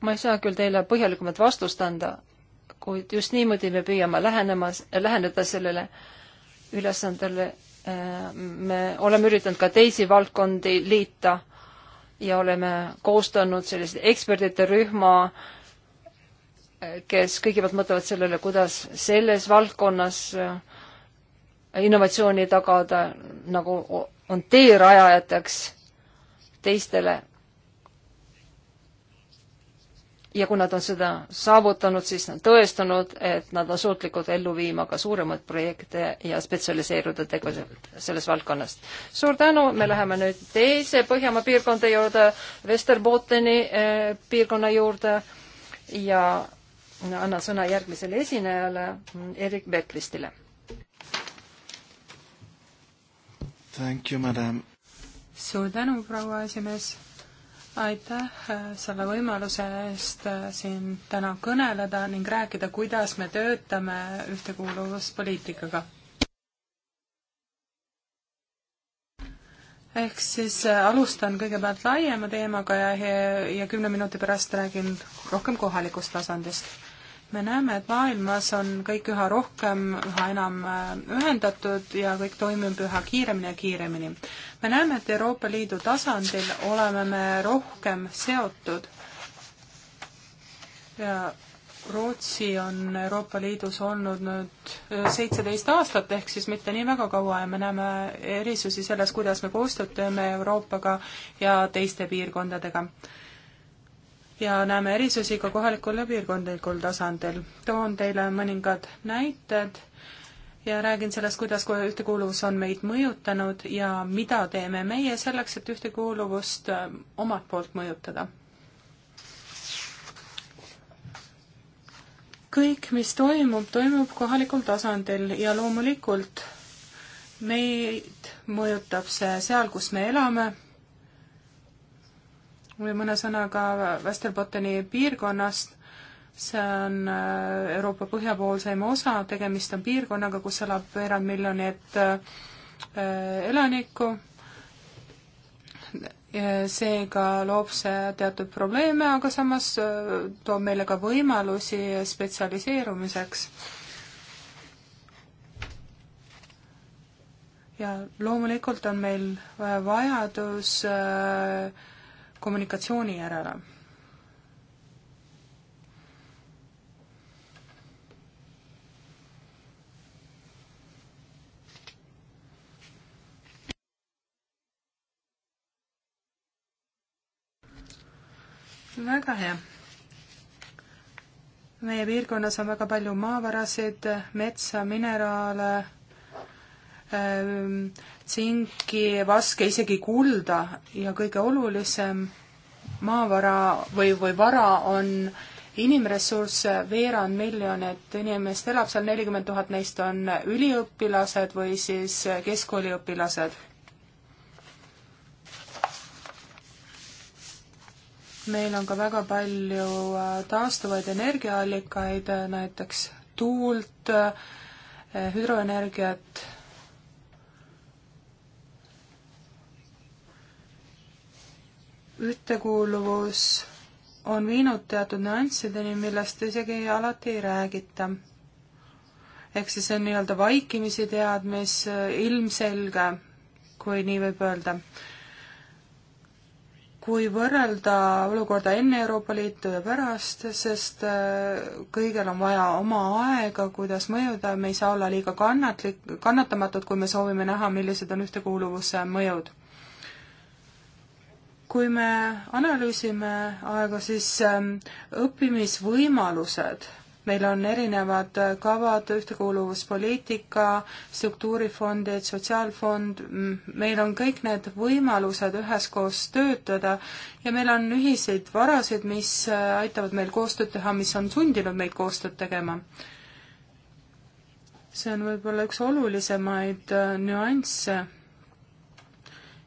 ma ei saa küll teile põhjalikumat vastust anda, kuid just niimoodi me püüame lähenema, läheneda sellele ülesandele. Äh, me oleme üritanud ka teisi valdkondi liita ja oleme koostanud sellise ekspertide rühma, kes kõigepealt mõtlevad sellele, kuidas selles valdkonnas äh, innovatsiooni tagada, nagu on teerajajateks teistele ja kui nad on seda saavutanud, siis nad tõestanud, et nad on suutlikud ellu viima ka suuremaid projekte ja spetsialiseeruda tegu-, selles valdkonnas. suur tänu, me läheme nüüd teise Põhjamaa piirkonda juurde, Vesterbotteni eh, piirkonna juurde ja annan sõna järgmisele esinejale, Erik Beklistile. Thank you, madam. suur tänu, proua esimees aitäh äh, selle võimaluse eest äh, siin täna kõneleda ning rääkida, kuidas me töötame ühtekuuluvuspoliitikaga. ehk siis äh, alustan kõigepealt laiema teemaga ja, ja kümne minuti pärast räägin rohkem kohalikust tasandist me näeme, et maailmas on kõik üha rohkem, üha enam äh, ühendatud ja kõik toimib üha kiiremini ja kiiremini. me näeme, et Euroopa Liidu tasandil oleme me rohkem seotud ja Rootsi on Euroopa Liidus olnud nüüd äh, seitseteist aastat, ehk siis mitte nii väga kaua ja me näeme erisusi selles, kuidas me koostööd teeme Euroopaga ja teiste piirkondadega ja näeme erisusi ka kohalikul ja piirkondlikul tasandil. toon teile mõningad näited ja räägin sellest, kuidas ühtekuuluvus on meid mõjutanud ja mida teeme meie selleks, et ühtekuuluvust äh, omalt poolt mõjutada. kõik, mis toimub, toimub kohalikul tasandil ja loomulikult meid mõjutab see seal, kus me elame või mõne sõnaga Västerbotteni piirkonnast, see on äh, Euroopa põhjapoolseim osa, tegemist on piirkonnaga, kus elab veerand miljonit äh, elanikku, seega loob see teatud probleeme, aga samas äh, toob meile ka võimalusi spetsialiseerumiseks. ja loomulikult on meil vajadus äh, kommunikatsiooni järele. väga hea. meie piirkonnas on väga palju maavarasid, metsa, mineraale Ehm, tsinki, vaske, isegi kulda ja kõige olulisem maavara või, või vara on inimressurss, veerand miljonit inimest elab seal, nelikümmend tuhat neist on üliõpilased või siis keskkooliõpilased. meil on ka väga palju äh, taastuvaid energiaallikaid, äh, näiteks tuult, äh, hüdroenergiat ühtekuuluvus on viinud teatud nüanssideni, millest isegi alati ei räägita. ehk siis see on nii-öelda vaikimisi teadmis, ilmselge, kui nii võib öelda. kui võrrelda olukorda enne Euroopa Liitu ja pärast, sest äh, kõigil on vaja oma aega, kuidas mõjuda, me ei saa olla liiga kannatlik, kannatamatud, kui me soovime näha, millised on ühtekuuluvuse mõjud kui me analüüsime aega, siis ähm, õppimisvõimalused, meil on erinevad äh, kavad, ühtekuuluvuspoliitika, struktuurifondid, sotsiaalfond, meil on kõik need võimalused üheskoos töötada ja meil on ühiseid varasid, mis äh, aitavad meil koostööd teha, mis on sundinud meid koostööd tegema see on võib-olla üks olulisemaid äh, nüansse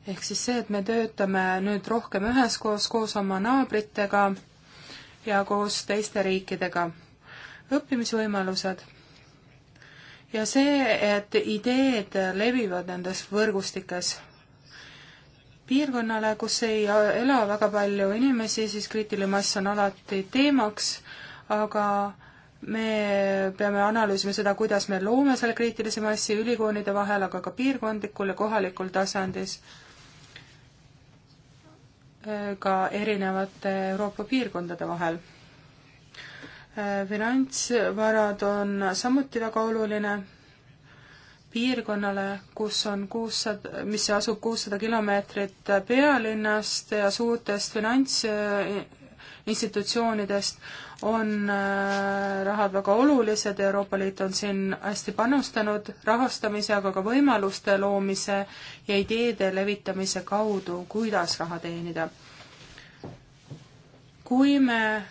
ehk siis see, et me töötame nüüd rohkem üheskoos, koos oma naabritega ja koos teiste riikidega. õppimisvõimalused ja see, et ideed levivad nendes võrgustikes. piirkonnale, kus ei ela väga palju inimesi, siis kriitiline mass on alati teemaks, aga me peame analüüsima seda, kuidas me loome selle kriitilise massi ülikoolide vahel, aga ka piirkondlikul ja kohalikul tasandis ka erinevate Euroopa piirkondade vahel. finantsvarad on samuti väga oluline piirkonnale, kus on kuussada, mis asub kuussada kilomeetrit pealinnast ja suurtest finants institutsioonidest on äh, rahad väga olulised, Euroopa Liit on siin hästi panustanud rahastamise, aga ka võimaluste loomise ja ideede levitamise kaudu, kuidas raha teenida. kui me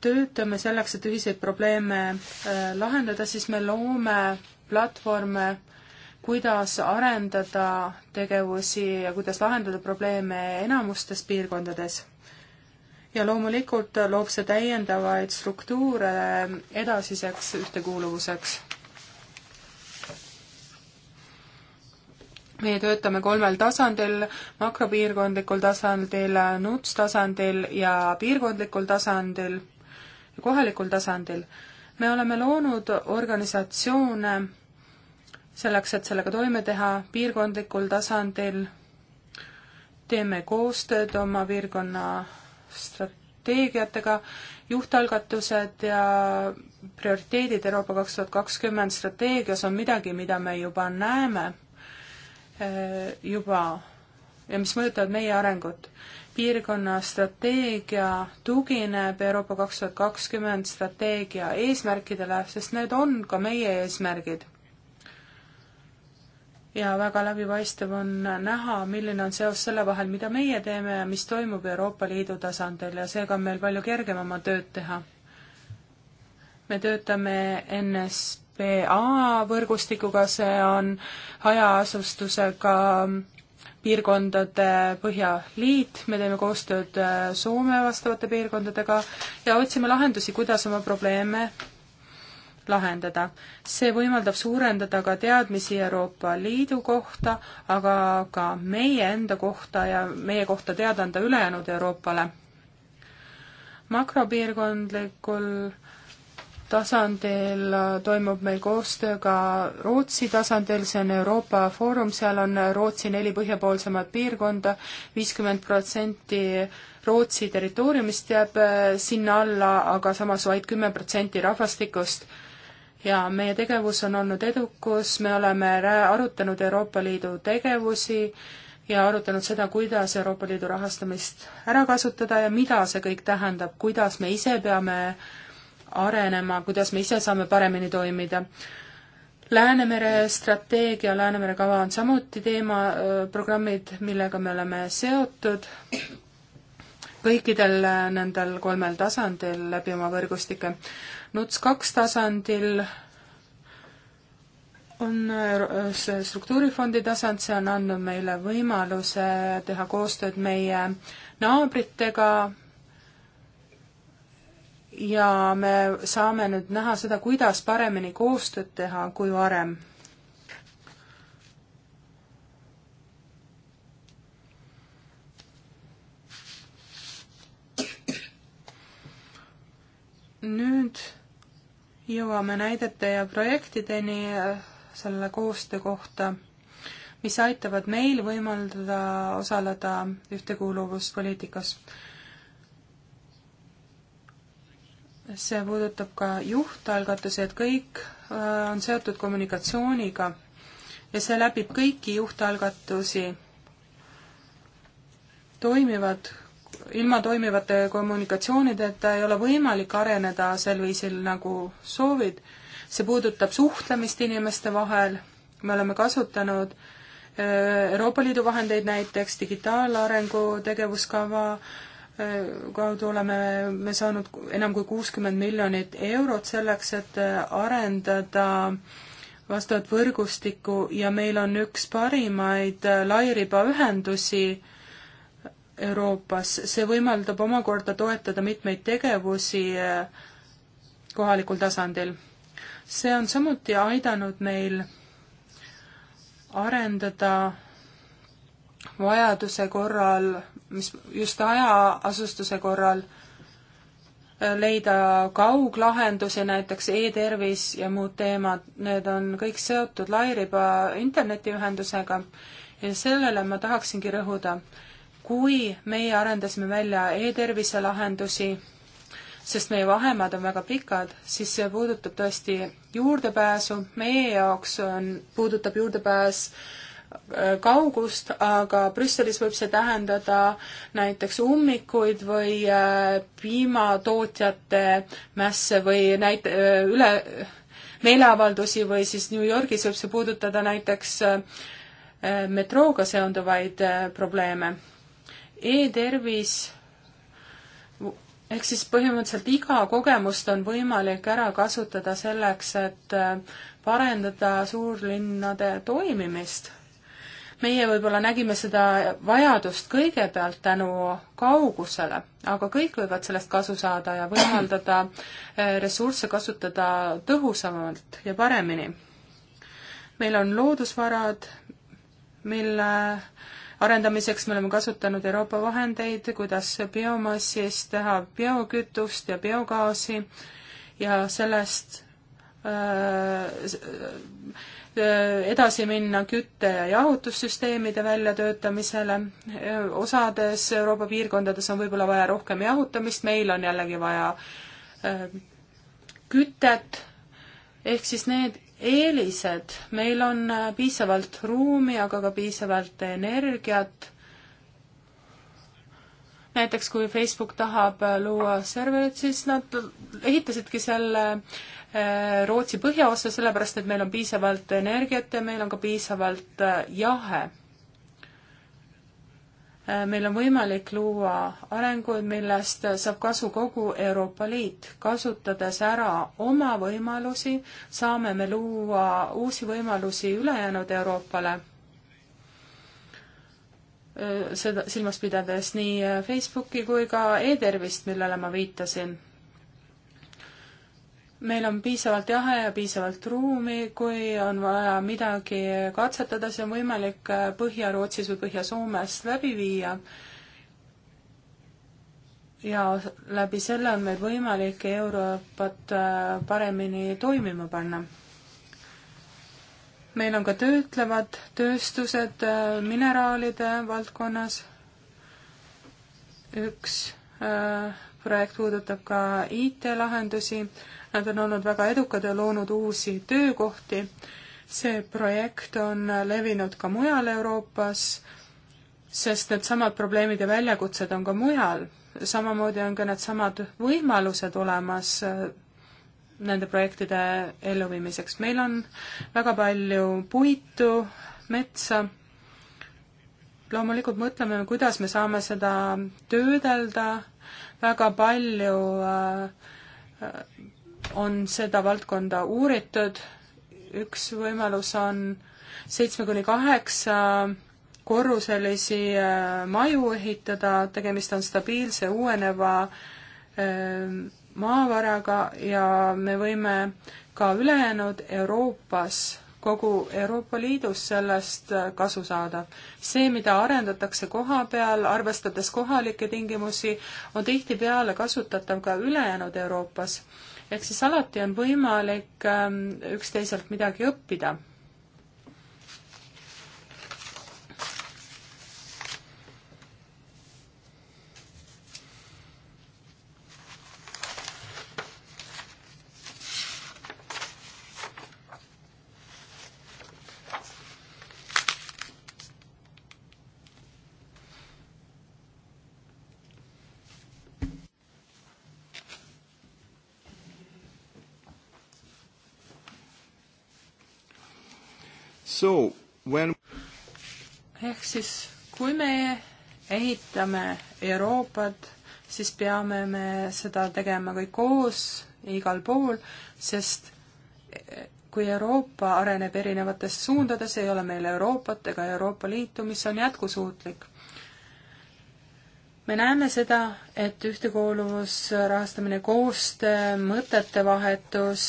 töötame selleks, et ühiseid probleeme äh, lahendada, siis me loome platvorme, kuidas arendada tegevusi ja kuidas lahendada probleeme enamustes piirkondades ja loomulikult loob see täiendavaid struktuure edasiseks ühtekuuluvuseks. meie töötame kolmel tasandil, makropiirkondlikul tasandil, NUTS tasandil ja piirkondlikul tasandil ja kohalikul tasandil. me oleme loonud organisatsioone selleks, et sellega toime teha piirkondlikul tasandil, teeme koostööd oma piirkonna strateegiatega, juhtalgatused ja prioriteedid Euroopa kaks tuhat kakskümmend strateegias on midagi, mida me juba näeme eh, juba ja mis mõjutavad meie arengut. piirkonna strateegia tugineb Euroopa kaks tuhat kakskümmend strateegia eesmärkidele, sest need on ka meie eesmärgid ja väga läbipaistev on näha, milline on seos selle vahel, mida meie teeme ja mis toimub Euroopa Liidu tasandil ja seega on meil palju kergem oma tööd teha. me töötame NSPA võrgustikuga, see on hajaasustusega piirkondade Põhjaliit, me teeme koostööd Soome vastavate piirkondadega ja otsime lahendusi, kuidas oma probleeme lahendada. see võimaldab suurendada ka teadmisi Euroopa Liidu kohta, aga ka meie enda kohta ja meie kohta teada anda ülejäänud Euroopale. makropiirkondlikul tasandil toimub meil koostöö ka Rootsi tasandil, see on Euroopa Foorum, seal on Rootsi neli põhjapoolsemat piirkonda, viiskümmend protsenti Rootsi territooriumist jääb äh, sinna alla, aga samas vaid kümme protsenti rahvastikust ja meie tegevus on olnud edukus, me oleme arutanud Euroopa Liidu tegevusi ja arutanud seda, kuidas Euroopa Liidu rahastamist ära kasutada ja mida see kõik tähendab, kuidas me ise peame arenema, kuidas me ise saame paremini toimida. Läänemere strateegia, Läänemere kava on samuti teema, programmid, millega me oleme seotud kõikidel äh, nendel kolmel tasandil läbi oma võrgustike. NUTS kaks tasandil on äh, struktuurifondi tasand, see on andnud meile võimaluse teha koostööd meie naabritega ja me saame nüüd näha seda, kuidas paremini koostööd teha kui varem nüüd jõuame näidete ja projektideni äh, selle koostöö kohta, mis aitavad meil võimaldada osaleda ühtekuuluvuspoliitikas. see puudutab ka juhtalgatusi, et kõik äh, on seotud kommunikatsiooniga ja see läbib kõiki juhtalgatusi, toimivad ilma toimivate kommunikatsioonideta ei ole võimalik areneda sel viisil, nagu soovid. see puudutab suhtlemist inimeste vahel, me oleme kasutanud äh, Euroopa Liidu vahendeid, näiteks digitaalarengu tegevuskava äh, kaudu oleme me saanud enam kui kuuskümmend miljonit eurot selleks, et äh, arendada vastavat võrgustikku ja meil on üks parimaid lairibaühendusi Euroopas, see võimaldab omakorda toetada mitmeid tegevusi eh, kohalikul tasandil. see on samuti aidanud meil arendada vajaduse korral, mis just hajaasustuse korral, eh, leida kauglahendusi, näiteks e-tervis ja muud teemad, need on kõik seotud lairiba internetiühendusega ja sellele ma tahaksingi rõhuda kui meie arendasime välja e-tervise lahendusi, sest meie vahemaad on väga pikad, siis see puudutab tõesti juurdepääsu, meie jaoks on, puudutab juurdepääs äh, kaugust, aga Brüsselis võib see tähendada näiteks ummikuid või äh, piimatootjate mässe või näit-, äh, üle, meeleavaldusi või siis New Yorgis võib see puudutada näiteks metrooga seonduvaid probleeme e-tervis ehk siis põhimõtteliselt iga kogemust on võimalik ära kasutada selleks, et äh, parendada suurlinnade toimimist. meie võib-olla nägime seda vajadust kõigepealt tänu kaugusele, aga kõik võivad sellest kasu saada ja võimaldada äh, ressursse kasutada tõhusamalt ja paremini. meil on loodusvarad, mille arendamiseks me oleme kasutanud Euroopa vahendeid, kuidas biomassist teha biokütust ja biogaasi ja sellest äh, äh, edasi minna kütte- ja jahutussüsteemide väljatöötamisele. osades Euroopa piirkondades on võib-olla vaja rohkem jahutamist, meil on jällegi vaja äh, kütet, ehk siis need eelised, meil on äh, piisavalt ruumi, aga ka piisavalt energiat, näiteks kui Facebook tahab äh, luua serverit, siis nad ehitasidki selle äh, Rootsi põhjaossa, sellepärast et meil on piisavalt energiat ja meil on ka piisavalt jahe Äh, meil on võimalik luua arenguid, millest saab kasu kogu Euroopa Liit. kasutades ära oma võimalusi, saame me luua uusi võimalusi ülejäänud Euroopale. Äh, seda silmas pidades nii Facebooki kui ka e-tervist, millele ma viitasin meil on piisavalt jahe ja piisavalt ruumi, kui on vaja midagi katsetada, see on võimalik äh, Põhja-Rootsis või Põhja-Soomes läbi viia. ja läbi selle on meil võimalik Euroopat äh, paremini toimima panna meil on ka töötlevad tööstused äh, mineraalide valdkonnas. üks projekt puudutab ka IT-lahendusi, Nad on olnud väga edukad ja loonud uusi töökohti. see projekt on levinud ka mujal Euroopas, sest needsamad probleemid ja väljakutsed on ka mujal. samamoodi on ka needsamad võimalused olemas eh, nende projektide elluviimiseks. meil on väga palju puitu, metsa, loomulikult mõtleme, kuidas me saame seda töödelda, väga palju äh, on seda valdkonda uuritud, üks võimalus on seitsme kuni kaheksa korruselisi äh, maju ehitada, tegemist on stabiilse uueneva äh, maavaraga ja me võime ka ülejäänud Euroopas, kogu Euroopa Liidus sellest äh, kasu saada. see, mida arendatakse koha peal, arvestades kohalikke tingimusi, on tihtipeale kasutatav ka ülejäänud Euroopas ehk siis alati on võimalik ähm, üksteiselt midagi õppida kui me ehitame Euroopat, siis peame me seda tegema kõik koos, igal pool, sest eh, kui Euroopa areneb erinevates suundades, ei ole meil Euroopat ega Euroopa Liitu, mis on jätkusuutlik. me näeme seda, et ühtekuuluvusrahastamine, koostöö, mõtete vahetus,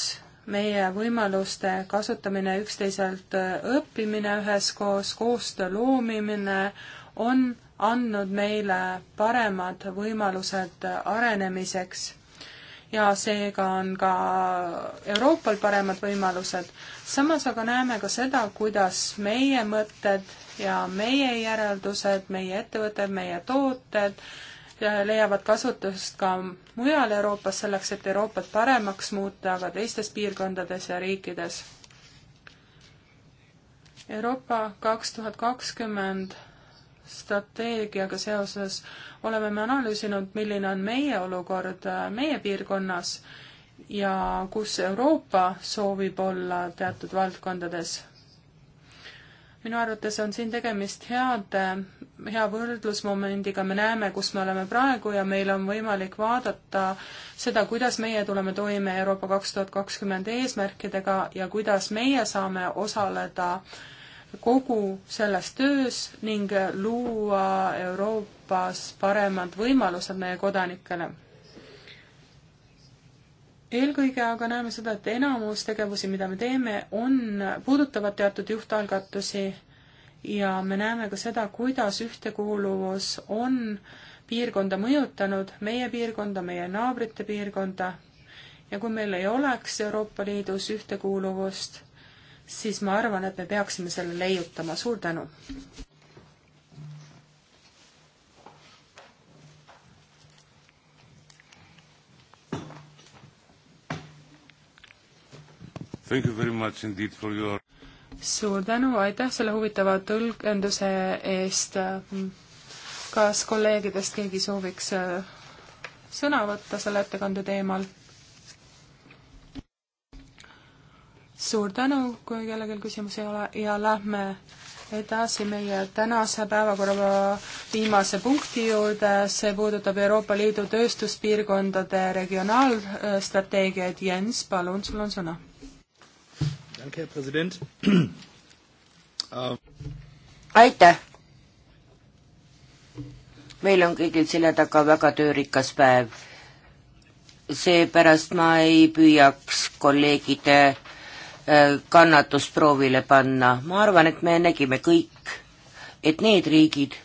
meie võimaluste kasutamine üksteiselt, eh, õppimine üheskoos, koostöö loomimine, on andnud meile paremad võimalused arenemiseks ja seega on ka Euroopal paremad võimalused. samas aga näeme ka seda, kuidas meie mõtted ja meie järeldused, meie ettevõtted, meie tooted leiavad kasutust ka mujal Euroopas selleks, et Euroopat paremaks muuta ka teistes piirkondades ja riikides. Euroopa kaks tuhat kakskümmend strateegiaga seoses oleme me analüüsinud, milline on meie olukord äh, meie piirkonnas ja kus Euroopa soovib olla teatud valdkondades. minu arvates on siin tegemist heade, hea võrdlusmomendiga, me näeme, kus me oleme praegu ja meil on võimalik vaadata seda, kuidas meie tuleme toime Euroopa kaks tuhat kakskümmend eesmärkidega ja kuidas meie saame osaleda äh, kogu selles töös ning luua Euroopas paremad võimalused meie kodanikele. eelkõige aga näeme seda, et enamus tegevusi, mida me teeme, on, puudutavad teatud juhtalgatusi ja me näeme ka seda, kuidas ühtekuuluvus on piirkonda mõjutanud, meie piirkonda, meie naabrite piirkonda, ja kui meil ei oleks Euroopa Liidus ühtekuuluvust, siis ma arvan, et me peaksime selle leiutama. suur tänu! Thank you very much indeed for your suur tänu, aitäh selle huvitava tõlgenduse eest. kas kolleegidest keegi sooviks äh, sõna võtta selle ettekande teemal? suur tänu, kui kellelgi küsimusi ei ole ja lähme edasi meie tänase päevakorra viimase punkti juurde, see puudutab Euroopa Liidu tööstuspiirkondade regionaalstrateegiaid. Jens, palun, sul on sõna. <clears throat> aitäh! meil on kõigil selja taga väga töörikas päev seepärast ma ei püüaks kolleegide Äh, kannatust proovile panna. ma arvan, et me nägime kõik, et need riigid,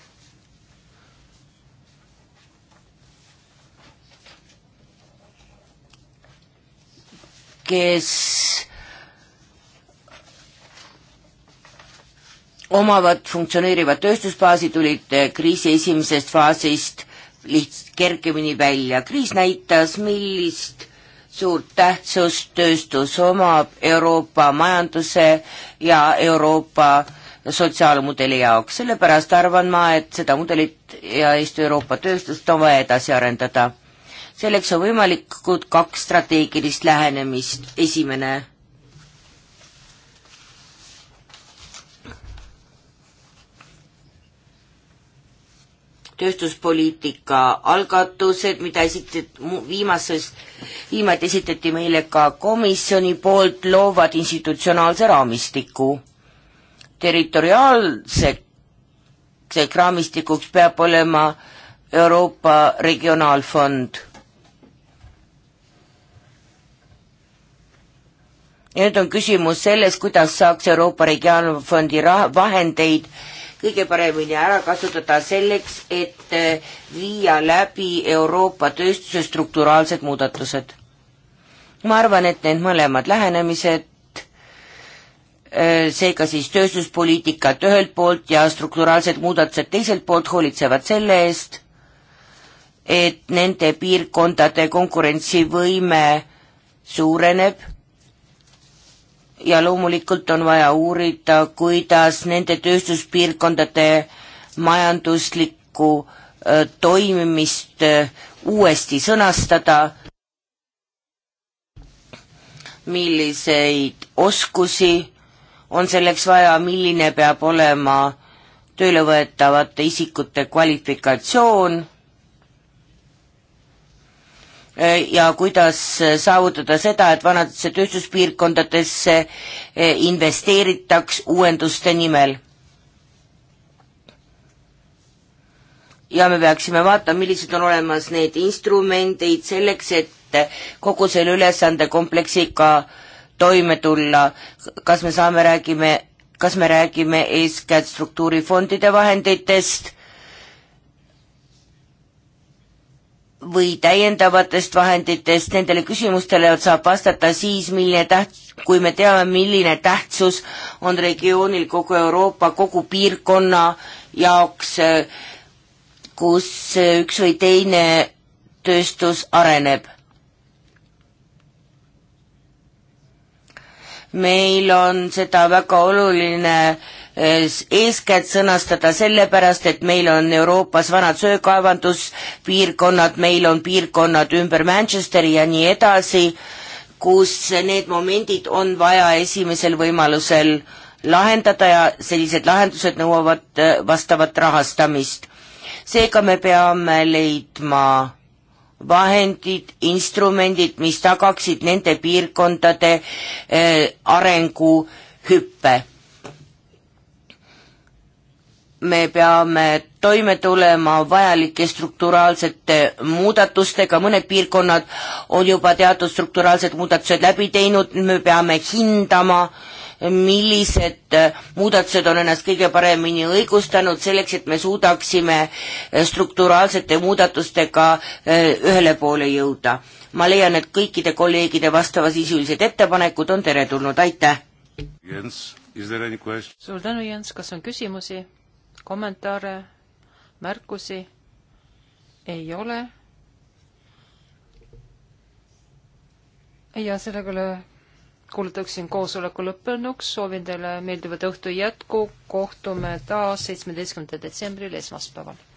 kes omavad funktsioneerivad tööstusbaasid, tulid äh, kriisi esimesest faasist lihtsalt kergemini välja. kriis näitas, millist suurt tähtsust tööstus omab Euroopa majanduse ja Euroopa sotsiaalmudeli jaoks, sellepärast arvan ma, et seda mudelit ja Eesti Euroopa tööstust on vaja edasi arendada. selleks on võimalikud kaks strateegilist lähenemist, esimene tööstuspoliitika algatused, mida esitati viimases, viimati esitati meile ka komisjoni poolt, loovad institutsionaalse raamistiku. territoriaalseks raamistikuks peab olema Euroopa Regionaalfond. nüüd on küsimus selles, kuidas saaks Euroopa Regionaalfondi vahendeid äh, kõige paremini ära kasutada selleks, et äh, viia läbi Euroopa tööstuse strukturaalsed muudatused. ma arvan, et need mõlemad lähenemised, äh, seega siis tööstuspoliitikat ühelt poolt ja strukturaalsed muudatused teiselt poolt hoolitsevad selle eest, et nende piirkondade konkurentsivõime suureneb ja loomulikult on vaja uurida, kuidas nende tööstuspiirkondade majanduslikku toimimist uuesti sõnastada, milliseid oskusi on selleks vaja, milline peab olema töölevõetavate isikute kvalifikatsioon Äh, ja kuidas äh, saavutada seda, et vanadesse tööstuspiirkondadesse äh, investeeritaks uuenduste nimel. ja me peaksime vaatama, millised on olemas need instrumendid selleks, et kogu selle ülesande kompleksiga toime tulla, kas me saame, räägime, kas me räägime eeskätt struktuurifondide vahenditest või täiendavatest vahenditest, nendele küsimustele saab vastata siis, milline täht-, kui me teame, milline tähtsus on regioonil kogu Euroopa, kogu piirkonna jaoks, kus üks või teine tööstus areneb. meil on seda väga oluline äh, Äh, eeskätt sõnastada sellepärast, et meil on Euroopas vanad söökaevanduspiirkonnad, meil on piirkonnad ümber Manchesteri ja nii edasi, kus need momendid on vaja esimesel võimalusel lahendada ja sellised lahendused nõuavad äh, vastavat rahastamist. seega me peame leidma vahendid, instrumendid, mis tagaksid nende piirkondade äh, arenguhüppe me peame toime tulema vajalike strukturaalsete muudatustega, mõned piirkonnad on juba teatud strukturaalsed muudatused läbi teinud, me peame hindama, millised muudatused on ennast kõige paremini õigustanud, selleks et me suudaksime strukturaalsete muudatustega eh, ühele poole jõuda. ma leian, et kõikide kolleegide vastavasisulised ettepanekud on teretulnud, aitäh! suur tänu, Jens, kas on küsimusi? kommentaare, märkusi ei ole. ja sellega üle kuulutaksin koosoleku lõppenuks, soovin teile meeldivat õhtu jätku, kohtume taas seitsmeteistkümnendal detsembril esmaspäeval.